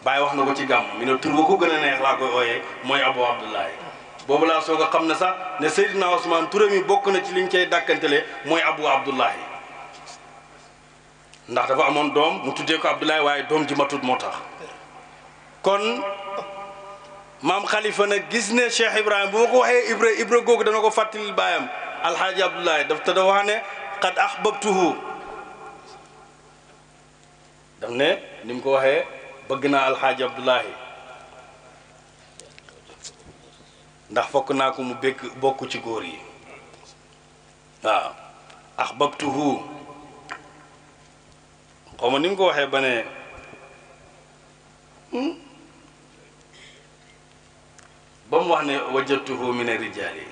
bàyyi wax na ko ci gàmm mi ne tur bu ko gën a laa koy ooyee mooy abu abdullahi boobu laa soog a xam ne sax ne Seydina Ousmane turam yi bokk na ci liñ cay dàkkantele mooy abu abdullahi ndax dafa amoon doom mu tuddee ko abdullahi waaye doom ji matut moo tax maam xalifa nag gis ne Cheikh Ibrahima bu ma ko waxee Ibra Ibra googu dana ko fàttalil baayam alxaaji Abdoulaye daf te da wax ne qad ahbabtuhu daf ne ni mu ko waxee bëgg naa alxaaji Abdoulaye ndax fokk naa ko mu békk bokk ci góor yi waaw ahbabtuhu xaw ma ni mu ko waxee ba ne hmm? ba mu wax ne wajadtuhu min rijaali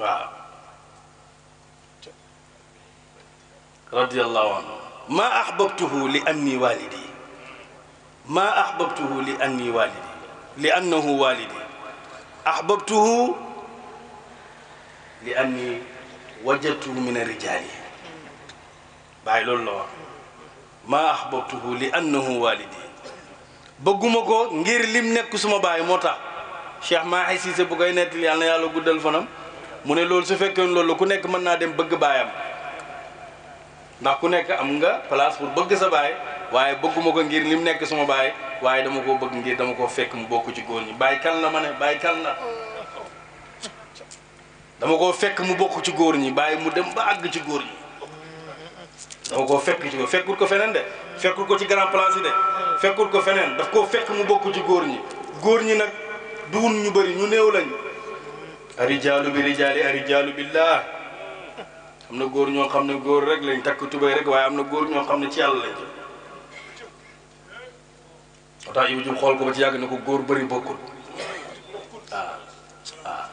waaw radiyallahu anhu maa ahbabtuhu li anni walidi maa ahbabtuhu li anni walidi li annahu walidi ahbabtuhu li anni wajadtuhu min rijaali bàyyi loolu la wax maa ahbabtuhu li annahu walidi bëgguma ko ngir lim nekk suma baay moo tax Cheikh Mahi Cissé bu koy nekk yàlla na yàlla guddal fanam mu ne loolu su fekkee loolu la ku nekk mën naa dem bëgg baayam ndax ku nekk am nga place pour bëgg sa baay waaye bëgguma ko ngir li mu nekk suma baay waaye dama koo bëgg ngir dama koo fekk mu bokk ci góor ñi baay kan la ma ne baay kan la dama fekk mu bokk ci góor ñi bàyyi mu dem ba àgg ci góor ñi dama koo fekk ci ko fekkul ko feneen de fekkul ko ci grand place yi de fekkul ko feneen daf koo fekk mu bokk ci góor ñi góor ñi nag duun ñu bari ñu néew lañ arijaalu bi rijaali arijaalu billah am na góor ñoo xam ne góor rek lañ takk tubéy rek waaye am na góor ñoo xam ne ci yàlla lañ moo tax yow jub xool ko ba ci yàgg na ko góor bari bokkul waaw ah, ah. waaw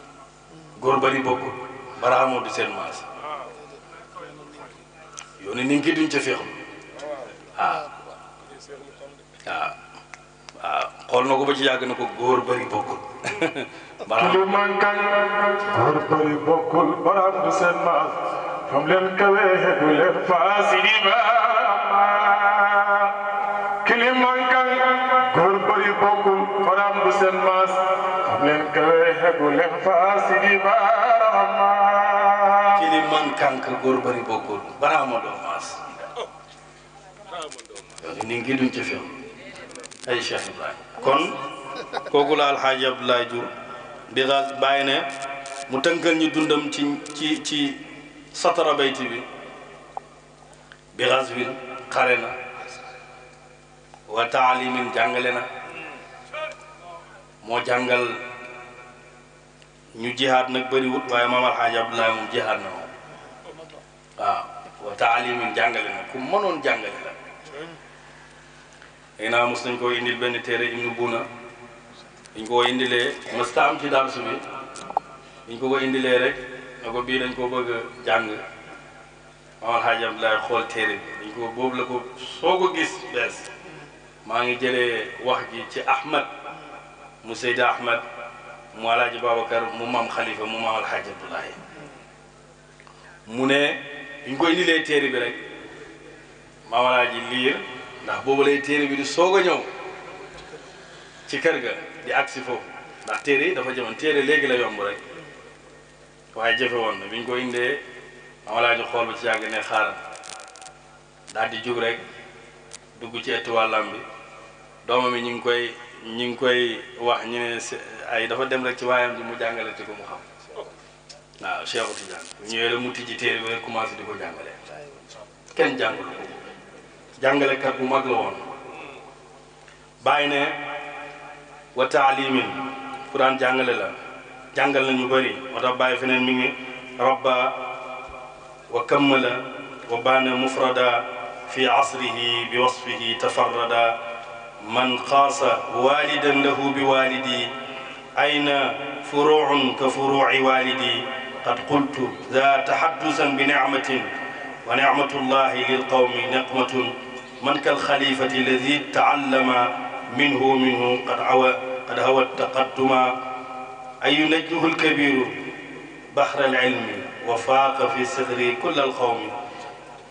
góor bëri bokkul baraamoo di seen maas yow ne ni ngi duñ ca féexam ah. waaw waaw waaw xool na ko ba ci yàgg na ko góor bëri bokkul. baraam lu mankañ góor bëri bokkul baraam du seen maam fam leen kawee du leen faasi di baama ki li mankañ góor bëri bokkul baraam du seen maas fam leen kawee du leen faasi di baama ki li mankañ góor bëri bokkul baraama doo maas. Oh, ni ngi duñ ci fi ay Cheikh kon kooku la alxaaji Abdoulaye Diouf di daal bàyyi ne mu tënkal ñi dundam ci ci ci satara bayti bi bi xare na wa taalimin jàngale na moo jàngal ñu jihaad nag bëriwut waaye maam alxaaji Abdoulaye moom jihaad na moom waaw wa jàngale na ku mënoon jàngale la xëy naa mos nañ koo indil benn téere ibnu buuna dañ koo indilee mos ta am ci daal subi dañ ko ko indilee rek na ko bii dañ ko bëgg a jàng mamal xaaji abdoulaye xool téere bi dañ ko boobu la ko soo ko gis bees maa ngi jële wax ji ci ahmad mu seydi ahmad mu alaaji babacar mu maam xalifa mu mamal xaaji abdoulaye mu ne ñu ko indilee téere bi rek maam alaaji liir ndax boobu lay téere bi di soog a ñëw ci kër ga di agsi foofu ndax téere yi dafa jëmoon téere léegi la yomb rek waaye jëfe woon na bi ñu ko indee ama laa ñu xool ba ci yàgg ne xaaral daal di jug rek dugg ci ëttu wàllam bi doomam yi ñu ngi koy ñu ngi koy wax ñu ne ay dafa dem rek ci waayam bi mu jàngale te ko mu xam waaw Cheikh Tidiane ñëwee la mu tijji téere bi rek commencé di ko jàngale kenn jàngalu jàngalekat bu mag la woon bàyyi ne wa taalimin quran jàngale la jàngal na ñu bëri moo tax bàyyi feneen mi ngi rabba wa kammala wa baana mufrada fi asrihi bi wasfihi tafarrada man xaasa walidan lahu bi walidi ayna furuun ka furuuci walidi qad qultu za tahaddusan bi nicmatin wa nicmatullahi lilqawmi niqmatun man kal xalifati alladi taallama minhu minhu qad awa qad hawa taqadduma ay yunajjuhu lkabiru bahra alilmi wa faaqa fi sidri kulla alqawmi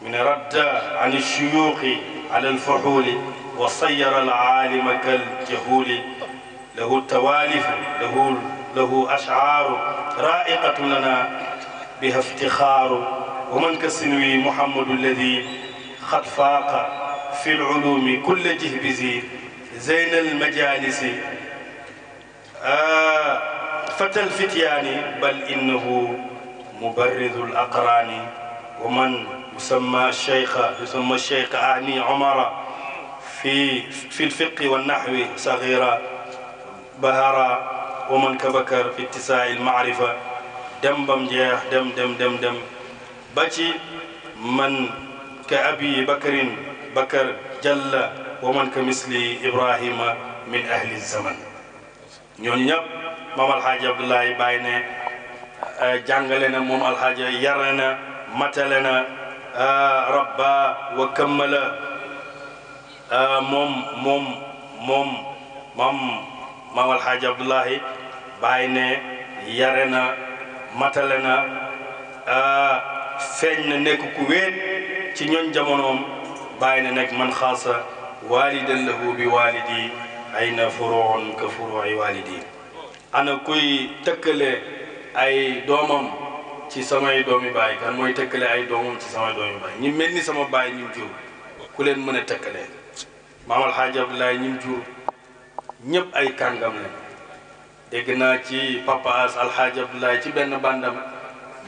min radda an alshuyuqi ala alfuxuli wa sayara alaalima kaljahuli lahu tawalifu lahu lahu ashcaaru raaiqatu lana biha iftixaaru wa man ka sinwi muhammadu alladi qad faaqa fi lulumi kulle jihbisi zeyna almajalisi fata alfityaani bal innahu mubarridu alaqraani wa man yusamma cheikha yusamma cheikh ani omara fi fi lfiqi wannahwi sagira bahara wa man kabakar fi ittisaa'i almaarifa dem bam jeex dem dem dem dem ba ci man ka abi bakrin bakar jalla wa man ka misli ibrahima min ahli zaman ñooñu ñëpp moom alxaaji abdullahi bàyyi ne euh, jàngale na moom alxaaji yare na matale na euh, rabba wa kammala euh, moom moom moom moom alxaaji abdullahi bàyyi ne yare na matale na feeñ na nekk ku wéet ci ñooñ jamonoom bàyyi na nag man xaasa waalidan lahu bi waalidi ay na furoon ka furooi waalidi ana kuy tëkkale ay doomam ci samay doomi baay kan mooy tëkkale ay doomam ci samay doomi baay ñi mel ni sama baay ñim jur ku leen mën a tëkkale maam alxaaji abdoulaye ñu jur ñëpp ay kàngam la dégg naa ci papa as alxaaji ci benn bandam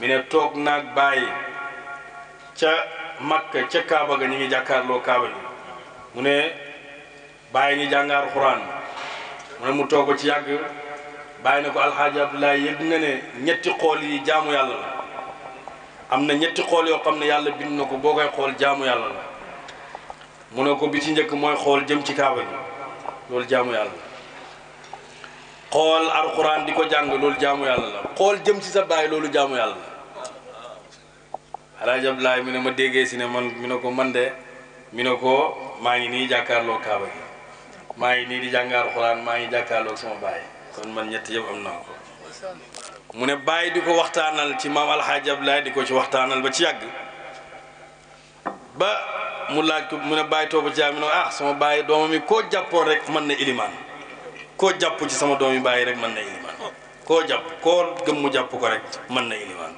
mi ne toog naag bàyyi ca makka ca kaaba ga ñu ngi jàkkaarloo kaaba gi mu ne bàyyi ngi jàngaar xuraan mu ne mu toog ci yàgg bàyyi na ko alxaaji abdoulaye yëg na ne ñetti xool yi jaamu yàlla la am na ñetti xool yoo xam ne yàlla bind na ko boo koy xool jaamu yàlla la mu ne ko bi ci njëkk mooy xool jëm ci kaaba gi loolu jaamu yàlla la xool di ko jàng loolu yàlla la xool jëm ci sa baay loolu jaamu yàlla la alaaji Abdoulaye mi ne ma déggee si ne man mu ne ko man de mi ne ko maa ngi nii jàkkaarloo kaaba gi maa ngi nii di jàngaar xuraan maa ngi jàkkaarloo sama baay man ñett yëpp am naa ko mu bàyyi di ko waxtaanal ci maam alxaaji di ko ci waxtaanal ba ci yàgg ba mu laaj ko mu ne bàyyi tooba ah sama baay doomam koo jàppoon rek mën na ilimaan koo jàpp ci sama doom yi bàyyi rek mën na koo jàpp koo gëm mu jàpp ko rek mën na ilimaan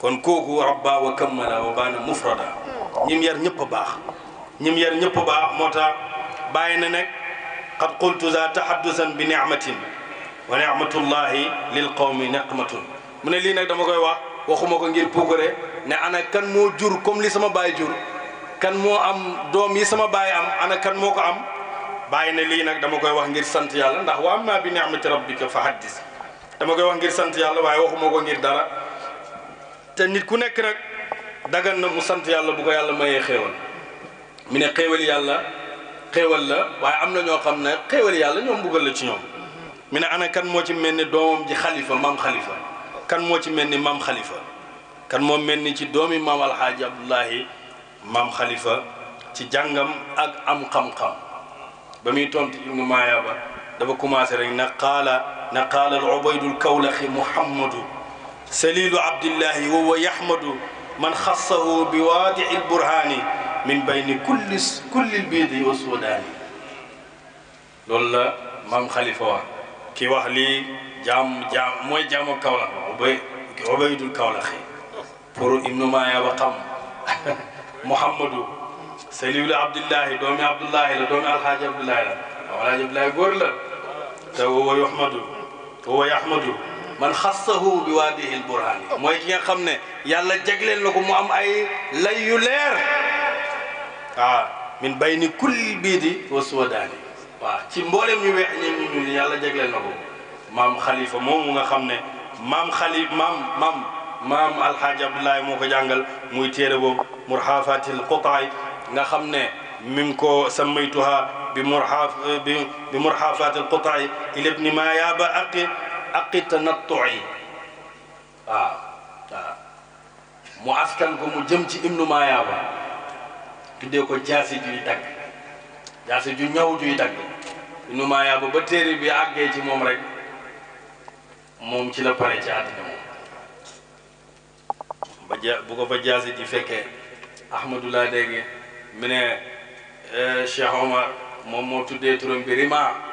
kon kooku rabba wa kammala wa baana mufrada hmm. ñim yar ñëpp a baax ñim yar ñëpp baax moo tax bàyyi na nekk qad qultu za tahaddusan bi ni'matin wa ni'matullahi lil qawmi niqmatun mu ne lii nag dama koy wax waxuma ko ngir puukare ne ana kan moo jur comme li sama baay jur kan moo am doom yi sama baay am ana kan moo ko am bàyyi na lii nag dama koy wax ngir sant yàlla ndax wa amma bi ni'mati rabbika fa haddis dama koy wax ngir sant yàlla waaye waxuma ko ngir dara te nit ku nekk nag dagan na mu sant yàlla bu ko yàlla mayee xéewal mu ne xéewal yàlla xéewal la waaye am na ñoo xam ne xéewal yàlla ñoom mbugal la ci ñoom mu ne ana kan moo ci mel ni doomam ji xalifa maam xalifa kan moo ci mel ni maam xalifa kan moo mel ni ci doomi maam alxaaji abdullahi maam xalifa ci jàngam ak am xam-xam ba muy tontu ibnu maaya ba dafa commencé rek na qaala na qaala al ubaydul kawlaxi muhammadu salilu abdillahi wa huwa yahmadu man xassahu bi waadii burhaani min bayni kulli kulli biidi wa suudaani loolu la maam xalifa wax ki wax lii jaam jaam mooy jaamu Kaolack ubay ubaydul Kaolack pour ibnu maaya ba xam mouhamadou salilu abdillahi doomi abdullahi la doomi alxaaji abdullahi la alxaaji abdullahi góor la te wa huwa yuhmadu wa huwa yahmadu man xassahu bi waadihil burhaani mooy ki nga xam ne yàlla jagleel na ko mu am ay lay yu leer waaw ah, min bayni kulli biidi wa suwadaani waaw ci mboolem ñu weex ñeen ñu ñuul yàlla jagleel na ko maam xalifa moomu nga xam ne maam xali maam maam maam alxaaji abdullahi moo ko jàngal muy téere boobu murxaafatil qutaay nga xam ne mim ko sammaytuha bi murxaaf bi murxaafatil qutaay ilabni maa yaaba aqi aqi tanattu'i waaw waaw mu askan ko mu jëm ci ibnu maayaaba tuddee ko jaasi juy dagg jaasi ju ñaw juy dagg ibnu maayaaba ba téere bi àggee ci moom rek moom ci la pare ci àddina moom ba ja bu ko jaasi ji fekkee ahmadullah dégg mu ne eh, Cheikh Omar moom moo tuddee turam bi rimaa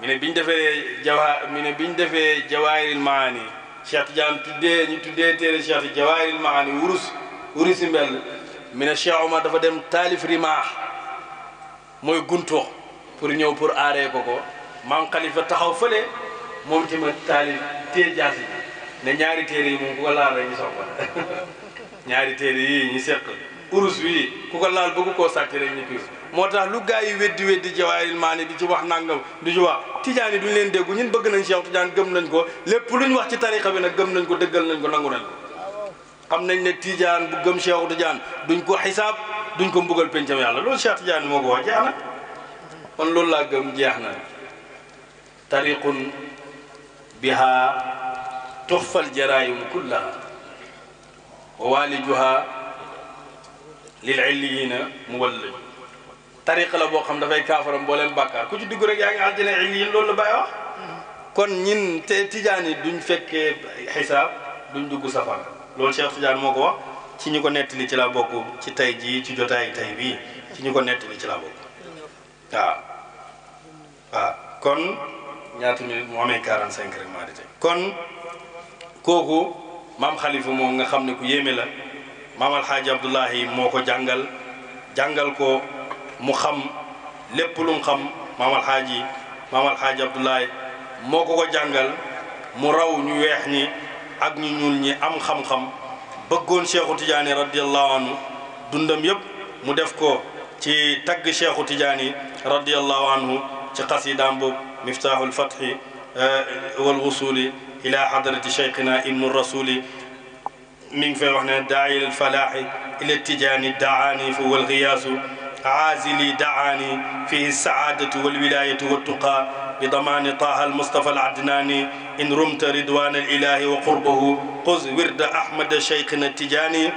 mi ne bi ñu defee jawa mi ne bi ñu defee jawaahiril maani Cheikh Tidiane tuddee ñu tuddee téere Cheikh jawaahiril maani wurus wurusi mbell mi ne Cheikh dafa dem taalif rimaax mooy guntoo pour ñëw pour aaree ko ko maam Khalifa taxaw fële moom ci ma taalif tée jaasi ne ñaari téere yi moom ku ko laal ñu soxla ñaari téere yi ñu seq urus wi ku ko laal bëgg koo sàcc rek ñu piir moo tax lu gars yi weddi weddi jawaayil maani di ci wax nangam du ci wax tijaan yi duñ leen déggu ñun bëgg nañ Cheikh Tidiane gëm nañ ko lépp ñu wax ci tariqa bi nag gëm nañ ko dëggal nañ ko nangu nañ ko xam nañ ne tijaan bu gëm Cheikh Tidiane duñ ko xisaab duñ ko mbugal pencam yàlla loolu Cheikh Tidiane moo ko wax jeex na kon loolu laa gëm jeex na tariqun biha tuxfal jaraayim kullaha wa waalijuha lil illiyina muwallaju tariqa la boo xam dafay kaafara mbooleem bàkkaar ku ci dugg rek yaa ngi àjjana illiyin loolu Baay wax kon ñin te tiijaan yi duñ fekkee xisaab duñ dugg safara loolu Cheikh Tidiane moo ko wax ci ñu ko nettali ci la bokk ci tey jii ci jotaay tey bii ci ñu ko nettali ci la bokk waaw waaw kon ñaata minute mu amee 45 rek maa kon kooku maam xalifa moom nga xam ne ku yéeme la maam alxaaji abdullahi moo ko jàngal jàngal ko mu xam lépp lu mu xam maam alxaaji maam alxaaji Abdoulaye moo ko ko jàngal mu raw ñu weex ñi ak ñu ñuul ñi am xam-xam bëggoon Cheikhu Tidiane radiyallahu anhu dundam yépp mu def ko ci tagg Cheikhu Tidiane radiyallahu anhu ci xasidaam boobu miftahul fathi eh, wal wusuli ila hadrati cheikhina ibnu rasuli mi ngi fay wax ne daayil falaahi ila tijaani daani wal xiyaasu عازلي دعاني فيه السعادة والولاية والتقى بضمان طه المصطفى العدناني إن رمت رضوان الإله وقربه خذ ورد أحمد شيخنا التجاني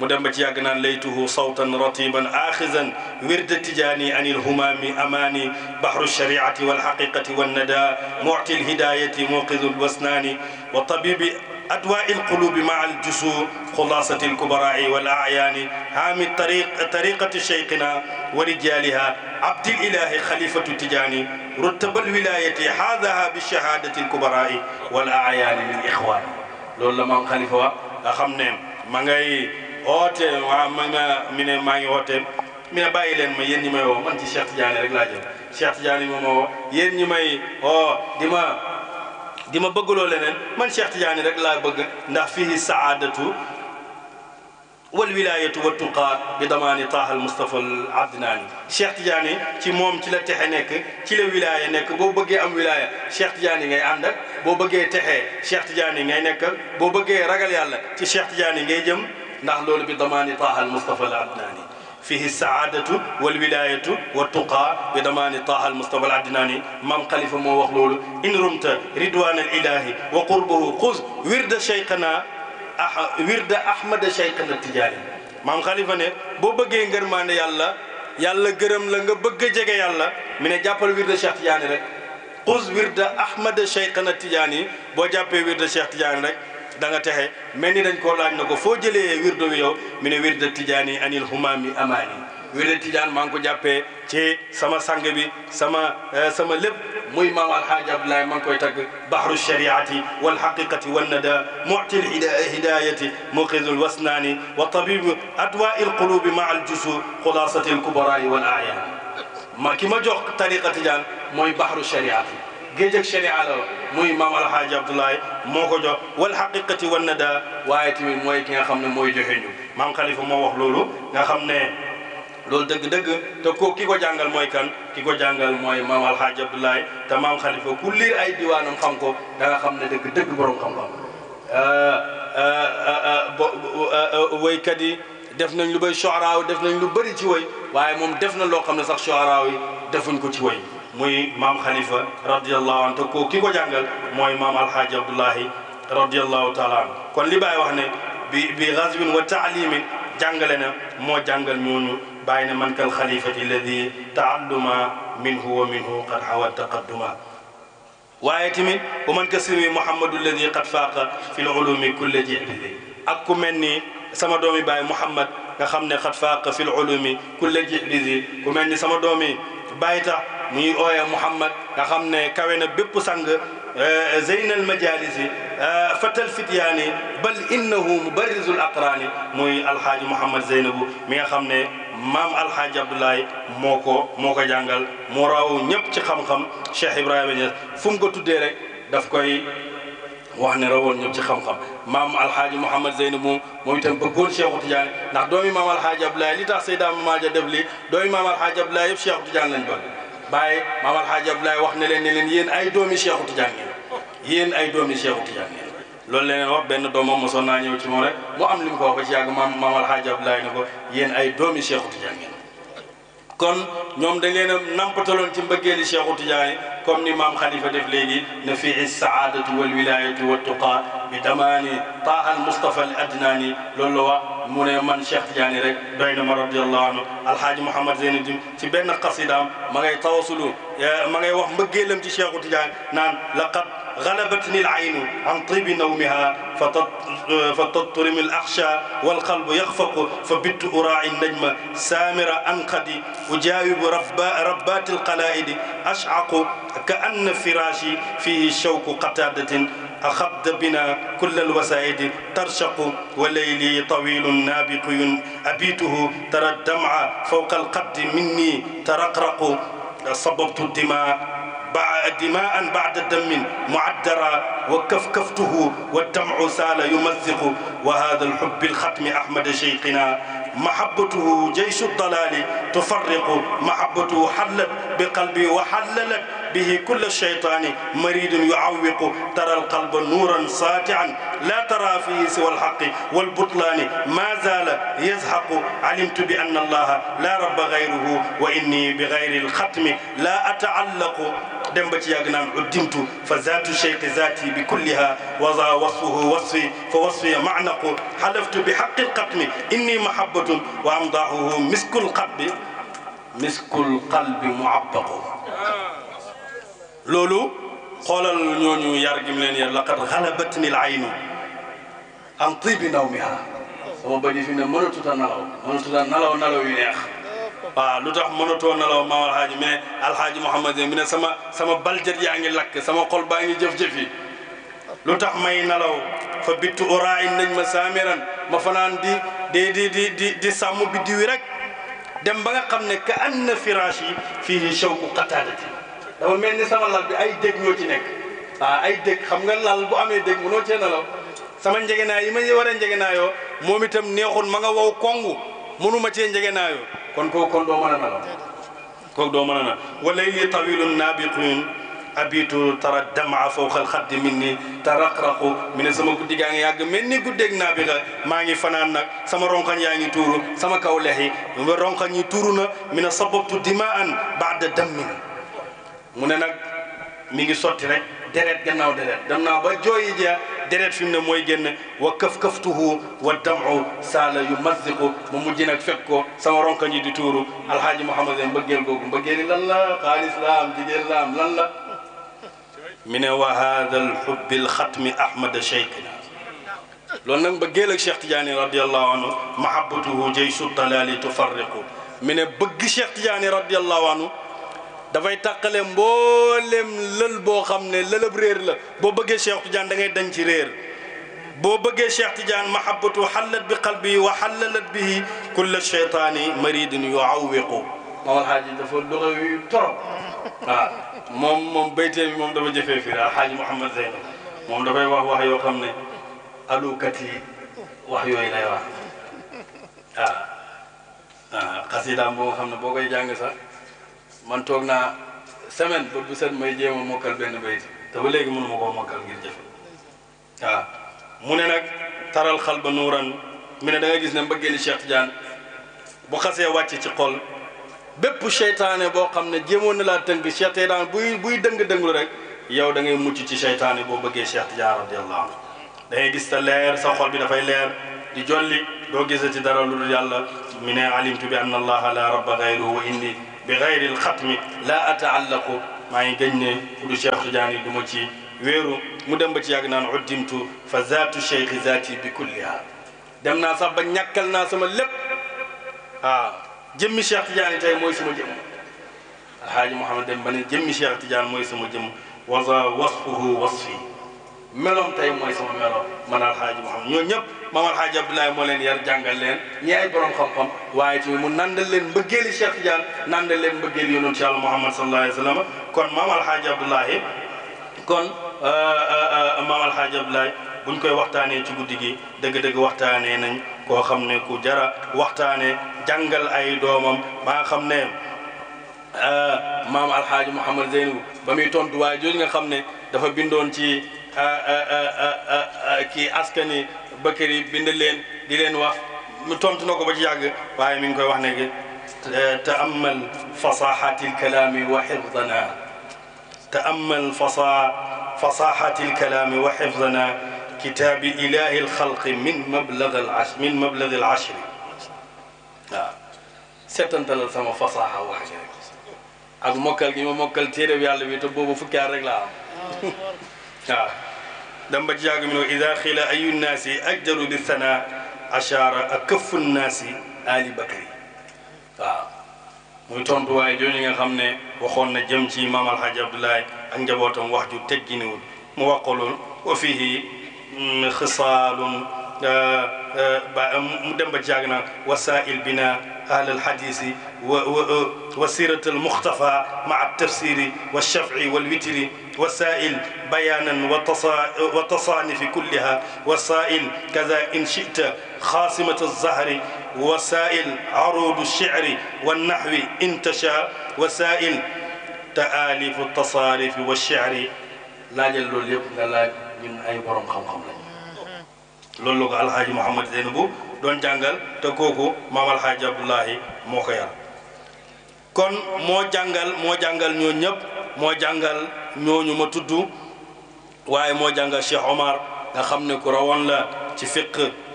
mu dem ba ci yàgg naan laytuhu sawtan ratiban axizan wirda tijaani an ilhumaami amaani bahru shariati walhaqiqati wannada muti lhidayati muqidu lwasnaani wa tabibi أدواء القلوب مع الجسور خلاصة الكبراء والأعيان هام طريق طريقة شيخنا ورجالها عبد الإله خليفة تجاني رتب الولاية حاذها بالشهادة الكبراء والأعيان من إخوان لولا ما خليفة أخمنا ما ngay oote waa ma nga mi ne maa ngi oote mi ne bàyyi leen ma yéen ñi may woo man ci Cheikh Tidiane rek laa jël Cheikh Tidiane moom moo woo yéen ñi may oo di ma di ma bëggloo leneen man Cheikh Tidiane rek laa bëgg ndax fihi saadatu wal wilaayatu wa tuqaa bi damaani taahal Mustafa al Adnaani Cheikh Tidiane ci moom ci la texe nekk ci la wilaaya nekk boo bëggee am wilaaya Cheikh Tidiane ngay ànd boo bëggee texe Cheikh Tidiane ngay nekk boo bëggee ragal yàlla ci Cheikh Tidiane ngay jëm ndax loolu bi damaani taahal Mustafa al Adnaani fihi saadatu wal wilayatu wa tuqaa bi damaani taahal mustafa al adnaani maam xalifa moo wax loolu in rumta ridwan al ilahi wa qurbahu xuz wirda cheikhana ah, wirda ahmada cheikhana tijaani maam xalifa ne boo bëggee ngërmaande yàlla yàlla gërëm la nga bëgg a jege yàlla mi ne jàppal wirda cheikh tijaani rek xuz wirda ahmada cheikhana tijaani boo jàppee wirda cheikh tijaani rek danga nga texe mel ni dañ koo laaj na ko foo jëlee wirdo wi yow mi ne wirda tijaani anil humami amaani wirda tijaan maa ngi ko jàppee ci sama sang bi sama eh, sama lépp muy ma alxaaji abdoulaye maa ngi koy tagg bahru shariati walhaqiqati wannada mutil hidayati muqizu lwasnaani wa tabibu ma ilqulubi maa aljusu xulasati alkubaraayi wal ayan ma ki ma jox tariqa tijaan mooy bahru shariati géejëg sharia la muy maam alhaaji abdoulaye moo ko jox wal haqiqati wan da waaye ti mooy ki nga xam ne mooy joxe ñu maam xalifa moo wax loolu nga xam ne loolu dëgg-dëgg te ko ki ko jàngal mooy kan ki ko jàngal mooy maam alhaaji abdoulaye te maam xalifa ku liir ay diwaanam xam ko da xam ne dëgg-dëgg borom xam-xam euh, euh, euh, waykat yi def nañ lu bay soxaraaw def nañ lu bëri ci way waaye moom def na loo xam ne sax soxaraaw yi defuñ ko ci way muy maam xalifa radiallahu anhu te ko ki ko mooy maam alhaaji abdullahi radiallahu taala anhu kon li bàyyi wax ne bi bi gazwin wa taalimin jàngale na moo jàngal ñooñu bàyyi ne man kal xalifati alladi taalluma minhu wa minhu qad hawa taqadduma waaye tamit wa muhammadu alladi qad faaqa fi lulumi kulle jihdi ak ku mel ni sama doomi baay muhammad nga xam ne qad faaqa fi lulumi kulle jihdi ku mel sama doomi baay muy ooye Muhammad nga xam ne kawe na bépp sang eh, zeynal majalisi eh, fatal fityaani bal innahu mubarrizul aqraani muy alxaaji Muhammad Zeynabu mi nga xam ne maam alxaaji Abdoulaye moo ko moo ko jàngal moo raawu ñëpp ci xam-xam Cheikh Ibrahima Niass fu mu ko tuddee rek daf koy wax ne rawoon ñëpp ci xam-xam maam alxaaji Mouhamed Zeynab moom moom itam bëggoon Cheikhu Tidiane ndax doomi maam alxaaji Abdoulaye li tax Seyda Maaja def li doomi maam alxaaji Abdoulaye yëpp Cheikhu Tidiane lañ bëgg Baye Maam Alxaaji Abdoulaye wax ne leen ne leen yéen ay doomi Cheikhu Tidiane ngeen yéen ay doomi Cheikhu Tidiane ngeen loolu leneen wax benn doomam mosoon naa ñëw ci moom rek mu am li mu ko wax ba ci yàgg maam Maam Alxaaji Abdoulaye ne ko yéen ay doomi Cheikhu Tidiane kon ñoom dañ leen a nampataloon ci mbëggeeli Cheikhu Tidiane comme ni maam Khalifa def léegi na fii saadatu wal wilayatu wa tuqa bi damaani taha al Mustafa al adnaani loolu la wax mu ne man Cheikh Tidiane rek doy na ma radiallahu anhu alhaaji Mouhamad Zeynuddin ci benn xasidaam ma ngay tawasulu ma ngay wax mbëggeelam ci Cheikhu Tidiane naan laqad غلبتني العين عن طيب نومها فتضطرم الأخشى والقلب يخفق فبت أراعي النجم سامر أنقدي أجاوب ربا ربات القلائد أشعق كأن فراشي فيه شوك قتادة أخبت بنا كل الوسائد ترشق وليلي طويل نابق أبيته ترى الدمع فوق القبض مني ترقرق صببت الدماء دماء بعد دم معدرا وكفكفته والدمع سال يمزق وهذا الحب الختم أحمد شيخنا محبته جيش الضلال تفرق محبته حلت بقلبي وحللت bihi kulla shaytaani maridun yuawwiqu tara alqalba nuuran saatian laa tara fihi siwa alxaqi walbutlaani maa zaala yazhaqu alimtu bi anna allaha laa rabba gayruhu wa inni bi gayri alxatmi laa ataallaqu dem ba ci yàgg naan uddimtu fa zaatu cheikhi zaati bi kulliha waza wasfuhu wasfi fa wasfi maanaqu xalaftu bi xaqi lxatmi inni mahabbatun wa amdaahuhu miskul xatbi miskul qalbi muabbaqu loolu xoolal ñooñu yar leen yar laqad xalabatni al aynu an tibi nawmiha sama bañ fi ne mënatut a nalaw mënatut a neex waaw lu tax mënatoo nalaw maam alxaaji mi ne alxaaji Mouhamad mi ne sama sama baljat ngi lakk sama xol baa ngi jëf-jëf lu tax may nalaw fa bittu oraay nañ ma saamiran ma fanaan di di di di di di sàmm biddi wi rek dem ba nga xam ne ka anna firaashi fii shawqu qataadati dama mel ni sama lal bi ay dég ñoo ci nekk waaw ah, ay dég xam nga lal bu amee dég mënoo cee nelaw sama njegenaay yi ma war a njegenaayoo moom itam neexul maa nga wow kongu mënuma cee njegenaayoo kon kooku kon doo mën a nelaw kooku doo mën a nelaw walayli tawilun nabiqun abitu tara damaa fawqal xaddi min ni taraqraqu mi ne sama guddi gaa ngi yàgg mel ni guddeeg naa bi maa ngi fanaan nag sama ronxañ yaa ngi tuuru sama kaw lex yi ronxañ yi tuuru na mi ne sababtu dimaan baada mu ne nag mi ngi sotti rek deret gannaaw deret dem naa ba jooyi jeex deret fi mu ne mooy génn wa këf-këftuhu wa damu saala yu maziku mu mujj nag fekk ko sama ronkañ yi di tuuru alhaaji muhammad leen mbëggeel googu mbëggeeli lan la xaalis laam jigéen laam lan la mi ne wa hada alhubbi alxatmi ahmada cheikhina loolu nag mbëggeel ak cheikh tidiane radiallahu anhu mahabatuhu jaysu talaali tufarriqu mi ne bëgg cheikh tidiane radiallahu anhu dafay tàqale mboolem lël boo xam ne lëlëb réer la boo bëggee Cheikh Tidiane da ngay dañ ci réer boo bëggee Cheikh Tidiane mahabbatu xallat bi qalbi wa xallalat bihi kulla cheytaani maridin yuawiqu mawal xaaji dafa doxewi torop waaw moom moom baytee bi moom dafa jëfee fii daal xaaji Mouhamed Zeyna moom dafay wax wax yoo xam ne alukat yi wax yooyu lay wax waaw waaw xasidaam boo xam ne boo koy jàng sax man toog naa semaine ba bu set may jéem a mokkal benn bayt te ba léegi mënuma koo mokkal ngir jëfe mu ne nag taral xal ba nuuran mu ne da nga gis ne mbëggeeli Cheikh Tidiane bu xasee wàcc ci xol bépp seytaane boo xam ne jéemoon na laa tënk Cheikh daan buy buy dëng-dënglu rek yow da ngay mucc ci seytaane boo bëggee Cheikh Tidiane radiyallahu anhu da ngay gis te leer sa bi dafay leer di jolli doo gisati dara lu dul yàlla mi ne alimtu bi anna allaha la rabba gayruhu wa bi xayril xatmi laa ataallaqu maa ngi gëñ ne kudu Cheikh Tidiane du ma ci wéeru mu dem ba ci yàgg naan uddimtu fa zaatu cheikhi zaati bi kulliha dem naa sax ba ñàkkal naa sama lépp waaw ah, jëmmi Cheikh Tidiane tey mooy suma jëmm alhaaji Mouhamed dem ba ne jëmmi Cheikh Tidiane mooy sama jëmm waza wasfuhu meloom tey mooy sama meloom man alxaaji Muhammad ñoo ñëpp maam alxaaji Abdoulaye moo leen yar jàngal leen ñi ay borom xam-xam waaye tamit mu nandal leen mbëggeeli Cheikh Tidiane nandal leen mbëggeeli yonent ci Yàlla Muhammad sallallahu alayhi wa sallam kon maam alxaaji Abdoulaye kon euh, euh, euh, maam alxaaji buñ koy waxtaanee ci guddi gi dëgg-dëgg waxtaanee nañ koo xam ne ku jara waxtaanee jàngal ay doomam maa xam ne maam alxaaji Muhammad Zeynu ba muy tontu waaye jooju nga xam ne dafa bindoon ci kii askani Bakary bind leen di leen wax mu tontu na ko ba ci yàgg waaye mi ngi koy wax ne taamal fasahati alkalaami wa xifdana taamal fasa fasahati alkalaami wa xifdana kitaabi ilahi alxalqi min mablad alash min mablad alashri waaw seetantalal sama fasaha wax ak mokkal gi ma mokkal téereb yàlla bi te boobu fukki at rek laa am oh. waaw dem ba ci yàgg mi ne ida xila ayu naasi ajdaru bi sana ashaara ak këffu naasi ali bakari waaw muy tontuwaay jooju nga xam ne waxoon na jëm ci maam alxaaji abdoulaye ak njabootam wax ju tegginiwul mu wax ko loolu wa fihi mm, xisaalun eh, eh, ba mu dem ba ci yàgg naa wasaa'il bina ahlal xadiisi wa وسيرة المختفى مع التفسير والشفع والوتر وسائل بيانا وتصانيف كلها وسائل كذا إن شئت خاصمة الزهر وسائل عروض الشعر والنحو إن تشاء وسائل تآليف التصاريف والشعر laa jël loolu yëpp nga laaj ñun ay borom xam-xam lañ loolu la ko alxaaji Mouhamed Zeynabou doon jàngal te kooku maam alxaaji Abdullahi moo ko yar kon moo jàngal moo jàngal ñoo ñëpp moo jàngal ñooñu ma tuddu waaye moo jàngal Cheikh Omar nga xam ne ku rawoon la ci fiq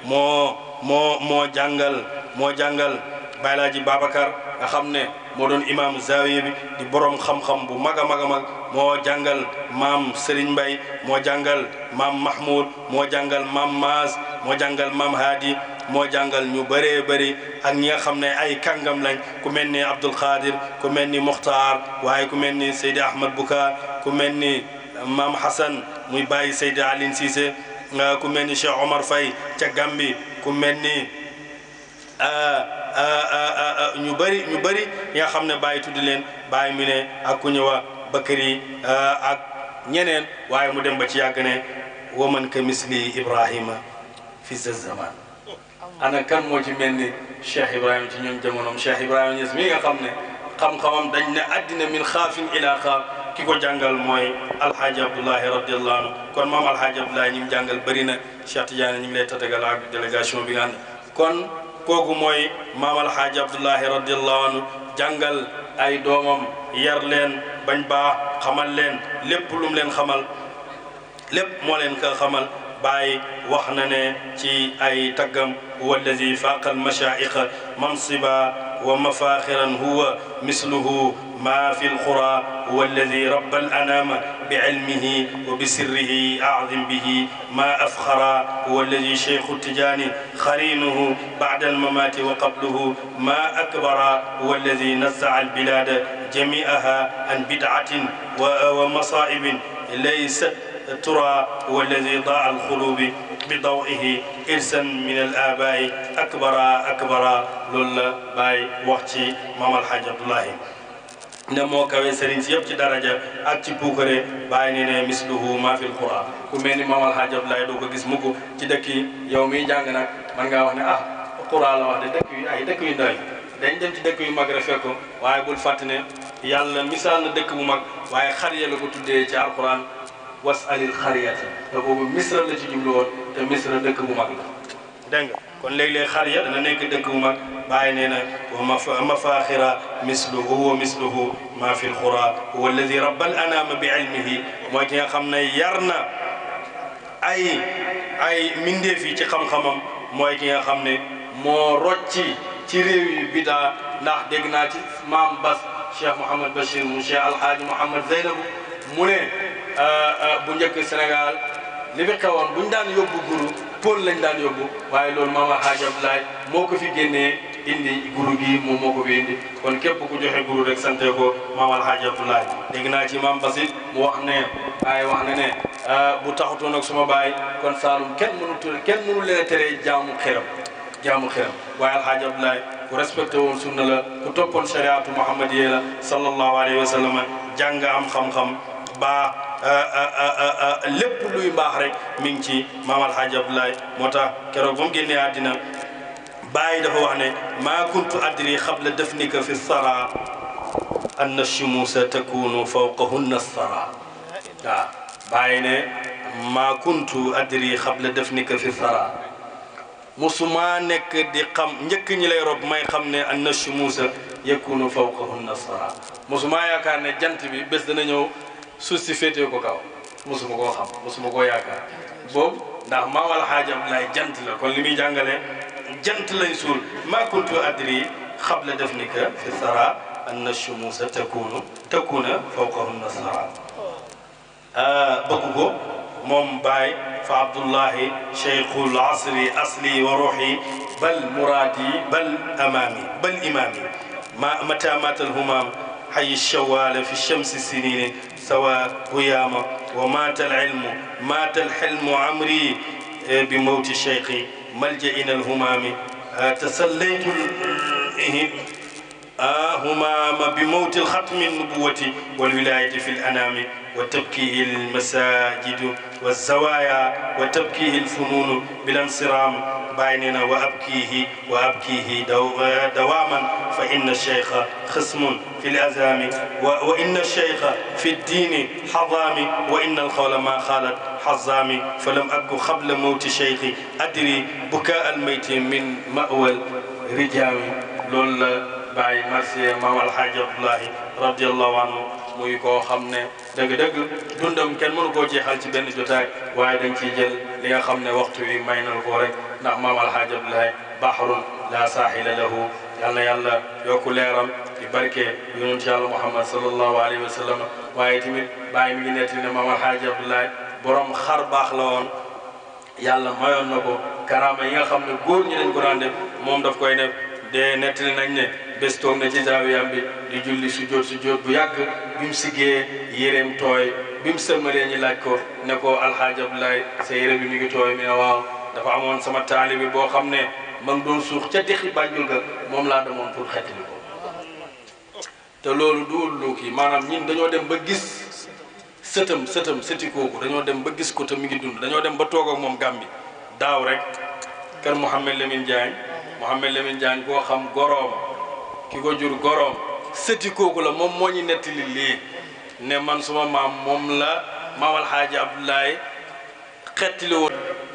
moo moo moo jàngal moo jàngal Baylaaji Babacar nga xam ne moo doon imam zawiya bi di borom xam-xam bu mag a mag a mag moo jàngal maam Serigne Mbaye moo jàngal maam Mahmoud moo jàngal maam Maas moo jàngal maam Hadi moo jàngal ñu bëree bëri ak ñi nga xam ne ay kàngam lañ ku mel ni Abdul Qadir ku mel ni Muxtaar waaye ku mel ni Seydi Ahmad Buka ku mel ni maam Hassan muy bàyyi Seydi Aline Cissé ku mel ni Omar Faye ca Gambi ku mel ni ah, ah, ah, ñu bëri ñu bëri ñi nga xam ne bàyyi tudd leen bàyyi mi ne ak ku ñëwa Bakari ak ñeneen waaye mu dem ba ci yàgg ne waman ka misli Ibrahima fi sa zaman ana kan moo ci mel ni Cheikh Ibrahima ci ñoom jamonoom Cheikh Ibrahima Niass mi nga xam ne xam-xamam dañ ne àddina min xaafin ila xaaf ki ko jàngal mooy alhaaji abdoulahi radiallahu anhu kon maam alhaaji abdoulahi ñi mu jàngal bëri na Cheikh Tidiane ñi ngi lay tatagal ak délégation bi nga ànd kon kooku mooy maam alhaaji abdoulahi radiallahu anhu jàngal ay doomam yar leen bañ baax xamal leen lépp lum leen xamal lépp moo leen ko xamal Baay wax na ne ci ay taggam huwa alladi faaqa almashaaiqa mansiba wa mafaaxiran huwa misluhu maa fi lqura huwa alladi rabba alanaama بعلمه وبسره أعظم به ما أفخر هو الذي شيخ التجاني خرينه بعد الممات وقبله ما أكبر هو الذي نزع البلاد جميعها عن بدعة ومصائب ليست ترى هو الذي ضاع القلوب بضوئه إرسا من الآباء أكبر أكبر لولا باي وقتي مام الحاج عبد الله ne moo kawee si yëpp ci daraja ak ci puukare bàyyi ni ne misluhu ma fil quran ku mel ni maam alhaaj abdoulaye ko gis mukk ci dëkk yi yow miy jàng nag man ngaa wax ne ah quran la dëkk yu ay dëkk yu ndaw dañ dem ci dëkk yu mag rek fekk ko waaye bul misaal na dëkk bu mag waaye xar ya la ko tuddee ci alquran wasalil xariyata te boobu misra la ci jublu woon te misra dëkk bu mag la kon léeg-léeg xariya dana nekk dëkk bu mag bàyyi na wa mafaaxira misluhu wa misluhu ma fi lxura huwa alladi rabbal anaama bi ilmihi mooy ki nga xam ne yar na ay ay mbindeef yi ci xam-xamam mooy ki nga xam ne moo bidaa ndax dégg naa ci maam bas cheikh mouhamad mu cheikh alhaaji mouhamad zeynabu mu ne Euh, euh, bu njëkk Sénégal li fi xewoon bu ñu daan yóbbu guru pôle lañ daan yóbbu waaye loolu maam Alhaaj Abdoulaye moo ko fi génnee indi guru gi moom moo ko fi indi kon képp ku joxe guru rek sante ko maam Alhaaj Abdoulaye dégg naa ci maam Basit mu wax ne waaye wax na ne euh, bu taxutoon ak suma baay kon Saalum kenn mënu tere kenn tere leen a jaamu xeram jaamu xeram waaye Alhaaj Abdoulaye ku respecté woon sunna la ku toppoon shariatu Muhammad yee la sallallahu alayhi wa sallam jàng am xam-xam Euh, euh, euh, lépp luy baax rek mi ngi ci maam alxaaji Abdoulaye moo tax keroog ba mu génnee àddina bàyyi dafa wax ne maa kuntu adri xabla dafnika fi sara anna shumuusa takunu fawqahunna sara waaw bàyyi ne maa kuntu adri xabla dafnika fi sara ma nekk di xam njëkk ñi lay may xam ne anna shumuusa yakunu fawqahunna sara musuma yaakaar ne jant bi bés dana ñëw suuf si féetee ko kaw mosuma koo xam mosuma koo yaakaar boobu ndax maa wala xaajam lay jant la kon li muy jàngale jant lañ suul maa kuntu adri xabla def ni que fi sara anna shumusa takunu takuna fawqahunna sara ah, bëgg ko moom Baye fa Abdullahi cheikhul asri asli wa ruuxi bal muraadi bal amaami bal imaami ma mata matal humaam xayi shawaala fi shamsi sinine sawa wiyaama wa mata alilmu mata alhilmu amri eh, bi mawti cheikhi malja ina alhumami ah, tasallaytu eh, آهما بموت الختم النبوة والولاية في الأنام وتبكيه المساجد والزوايا وتبكيه الفنون بالانصرام بيننا وأبكيه وأبكيه دواما فإن الشيخ خصم في الأزام وإن الشيخ في الدين حظامي وإن القول ما خالت حظامي فلم أك قبل موت شيخي أدري بكاء الميت من مأوى الرجام لولا baay marsiya maam alxaaji abdullahi radiallahu anhu muy ko xam ne dëgg-dëgg dundam kenn mënu koo jeexal ci benn jotaay waaye dañ ciy jël li nga xam ne waxtu wi may nal ko rek ndax maam alxaaji abdullahi la saaxila lahu yal na yàlla yokku leeram di barke yonent yàlla muhammad sallallahu alayhi wa sallam waaye tamit bàyyi mi ngi nettali ne maam alxaaji abdullahi borom xar baax la woon yàlla mayoon na ko karaama yi nga xam ne góor ñi dañ ko daan def moom daf koy def de nettali nañ ne bés toog na ci zaawiyam bi di julli su jóot su jóot bu yàgg bi mu siggee yéreem tooy bi mu sëlmalee ñu laaj ko ne ko alxaaji Abdoulaye sa yére bi mi ngi tooy mi dafa amoon sama taalibi boo xam ne man doon suux ca dexi bàjjul moom laa demoon pour xetti bi te loolu duul lu kii maanaam ñin dañoo dem ba gis sëtam sëtam sëti kooku dañoo dem ba gis ko te mi ngi dund dañoo dem ba toog ak moom gàmbi daaw rek kër Mouhamed Lamine Diagne Mouhamed Lamine Diagne koo xam goroom ki ko jur goroom sëti kooku la moom moo ñu nettali lii ne man suma maam moom la maam alxaaji abdoulaye xettali woon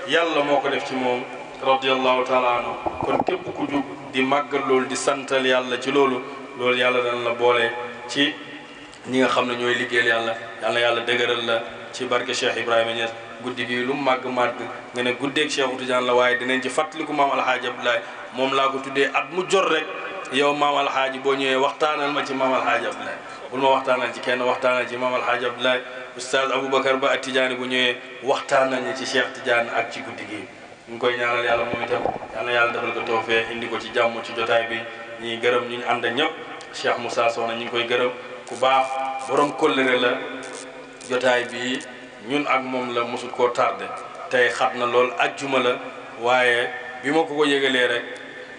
yàlla moo ko def ci moom radiallahu taala kon képp ku jug di màggal loolu di santal yàlla ci loolu loolu yàlla dana la boole ci ñi nga xam ne ñooy liggéeyal yàlla yal na yàlla dëgëral la ci barke Cheikh Ibrahima Niass guddi bii lu màgg màgg nga ne guddeeg Cheikh Tidiane la waaye dinañ ci fàttaliku maam alxaaji abdoulaye moom laa ko tuddee at mu jot rek yow maam alxaaji boo ñëwee waxtaanal ma ci maam alxaaji Abdoulaye bul ma waxtaanal ci kenn waxtaanal ci maam alxaaji Abdoulaye oustaz Aboubacar Ba ak Tidiane bu ñëwee waxtaanal ñu ci Cheikh Tidiane ak ci guddi gi ñu ngi koy ñaanal yàlla moom itam yal na yàlla defal ko toofee indi ko ci jàmm ci jotaay bi ñuy gërëm ñu ngi ànd ak ñëpp Cheikh Moussa Soxna ñu ngi koy gërëm ku baax borom kóllëre la jotaay bi ñun ak moom la mosul koo tardé tey xat na lool ajjuma la waaye bi ma ko ko rek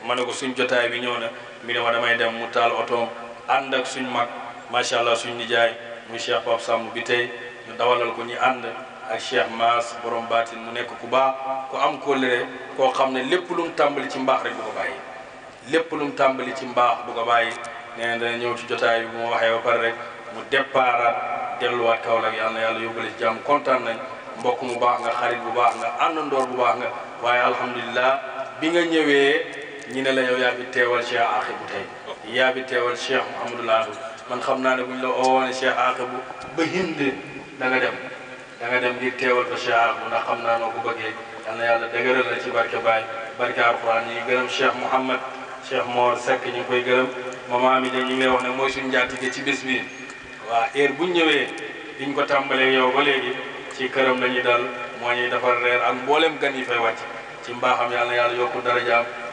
ma ne ko suñ jotaay bi ñëw na mi ne ma damay dem mu taal otoom ànd ak suñu mag macha allah suñ nijaay muy cheikh Pape Samb bi tey dawalal ko ñu ànd ak cheikh Maas borom baatin mu nekk ku baax ku am kóllëre koo xam ne lépp lu tàmbali ci mbaax rek du ko bàyyi lépp lum tàmbali ci mbaax bu ko bàyyi nee na ñëw ci jotaay bi bu ma waxee ba pare rek mu départaat delluwaat Kaolack yàlla na yàlla yóbbale ci jàmm kontaan nañ mbokk mu baax nga xarit bu baax nga àndandoor bu baax nga waaye alhamdulilah ñi ne la yow yaa fi teewal Cheikh Aaxibu tey yaa fi teewal Cheikh Mouhamadou Laadou man xam naa ne buñ la oowoone Cheikh bu ba Hind da nga dem da nga dem ngir teewal ko Cheikh Aaxibu ndax xam naa noo ko bëggee yal na yàlla dëgëral la ci barke Baay barke Alxuraan ñi gërëm Cheikh Mouhamad Cheikh Mor Seck ñu koy gërëm maman Amady ñu ngi wax ne mooy suñu njaatige ci bis bi waa heure buñ ñëwee diñ ko tàmbalee yow ba léegi ci këram la ñuy dal moo ñuy defar reer ak mboolem gan yi fay wàcc yàlla na yàlla yokku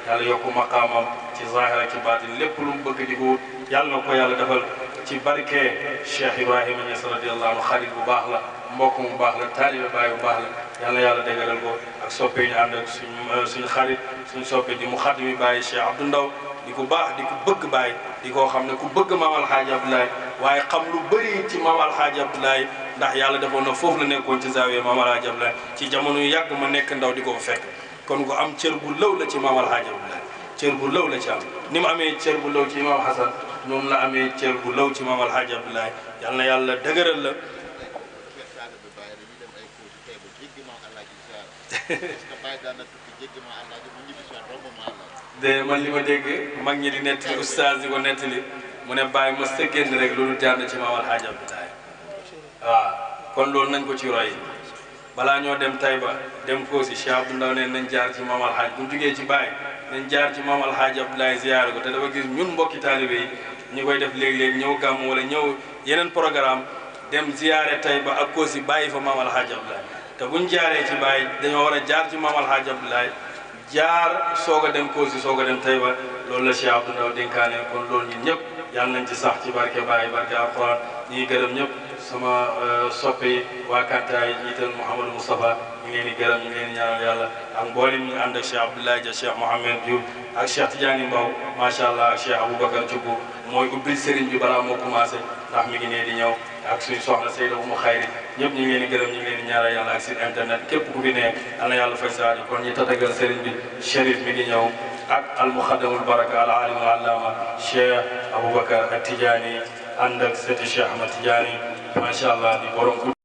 yàlla yokku maqaamam ci zahira ci baat baatin lépp lu mu bëgg di ko wut yàlla na ko yàlla defal ci barke Cheikh Ibrahima Niass radiyallahu anhu xarit bu baax la mbokk mu baax la taalibe baay bu baax la yàlla yàlla déggalal ko ak soppe ñu ànd ak suñ euh, suñu xarit suñ soppe di mu xat mi bàyyi Cheikh Abdou Ndaw di ku baax di ku bëgg bàyyi di koo xam ne ku bëgg maam alxaaji Abdoulaye waaye xam lu bëri ci maam alxaaji Abdoulaye ndax yàlla defoon na foofu la nekkoon ci zaawiya maam alxaaji Abdoulaye ci jamono yàgg ma nekk ndaw di ko fekk kon gu am cër bu law la ci maam alxaaji abdoulaye cër bu law la ci am ni mu amee cër bu law ci imaam hasan noonu la amee cër bu law ci maam alxaaji abdoulaye yal na yàlla dëgëral la de man li ma dégg mag ñi di nettali oustaz di ko nettali mu ne bàyyi mës ta génn rek loolu jaar na ci maam alxaaji abdoulaye kon loolu nañ ko ci balaa ñoo dem Tayba dem Koosi Cheikh Abdou Ndaw ne nañ jaar ci Maam Alxaaj bu ñu jugee ci Baay nañ jaar ci Maam Alxaaj Abdoulaye ziyaare ko te dafa gis ñun mbokki taalibe yi ñu koy def léeg-léeg ñëw gàmm wala ñëw yeneen programme dem ziyaare Tayba ak Koosi bàyyi fa Maam Alxaaj Abdoulaye te bu ñu jaaree ci Baay dañoo war a jaar ci Maam Alxaaj Abdoulaye jaar soog a dem Koosi soog dem Tayba loolu la Cheikh Abdou Ndaw dénkaane kon loolu ñun ñëpp yàlla nañ ci sax ci barke Baay barke Alxuraan ñii ngi gërëm ñëpp sama euh, soppe waa Kantaay jiital Mouhamadou Moustapha ñu ngi gërëm ñu ngi yàlla ak mboolem ñu ngi ànd ak Cheikh Abdoulaye Dia Cheikh Mouhamed Diouf ak macha allah ak Cheikh Aboubacar Thioub ubbil sëriñ bi balaa moo commencé ndax ak suñu soxna Seyda Oumou Khayri ñëpp ñu ngi leen di gërëm ñu ngi yàlla ak internet képp ku fi ne ana yàlla fay saa kon ñu tatagal sëriñ bi Chérif mi ngi ñëw ak almuxaddamul baraka al alimul allama Cheikh Aboubacar ak Tidiane ànd ak sëti Cheikh Ahmad macha allah di borom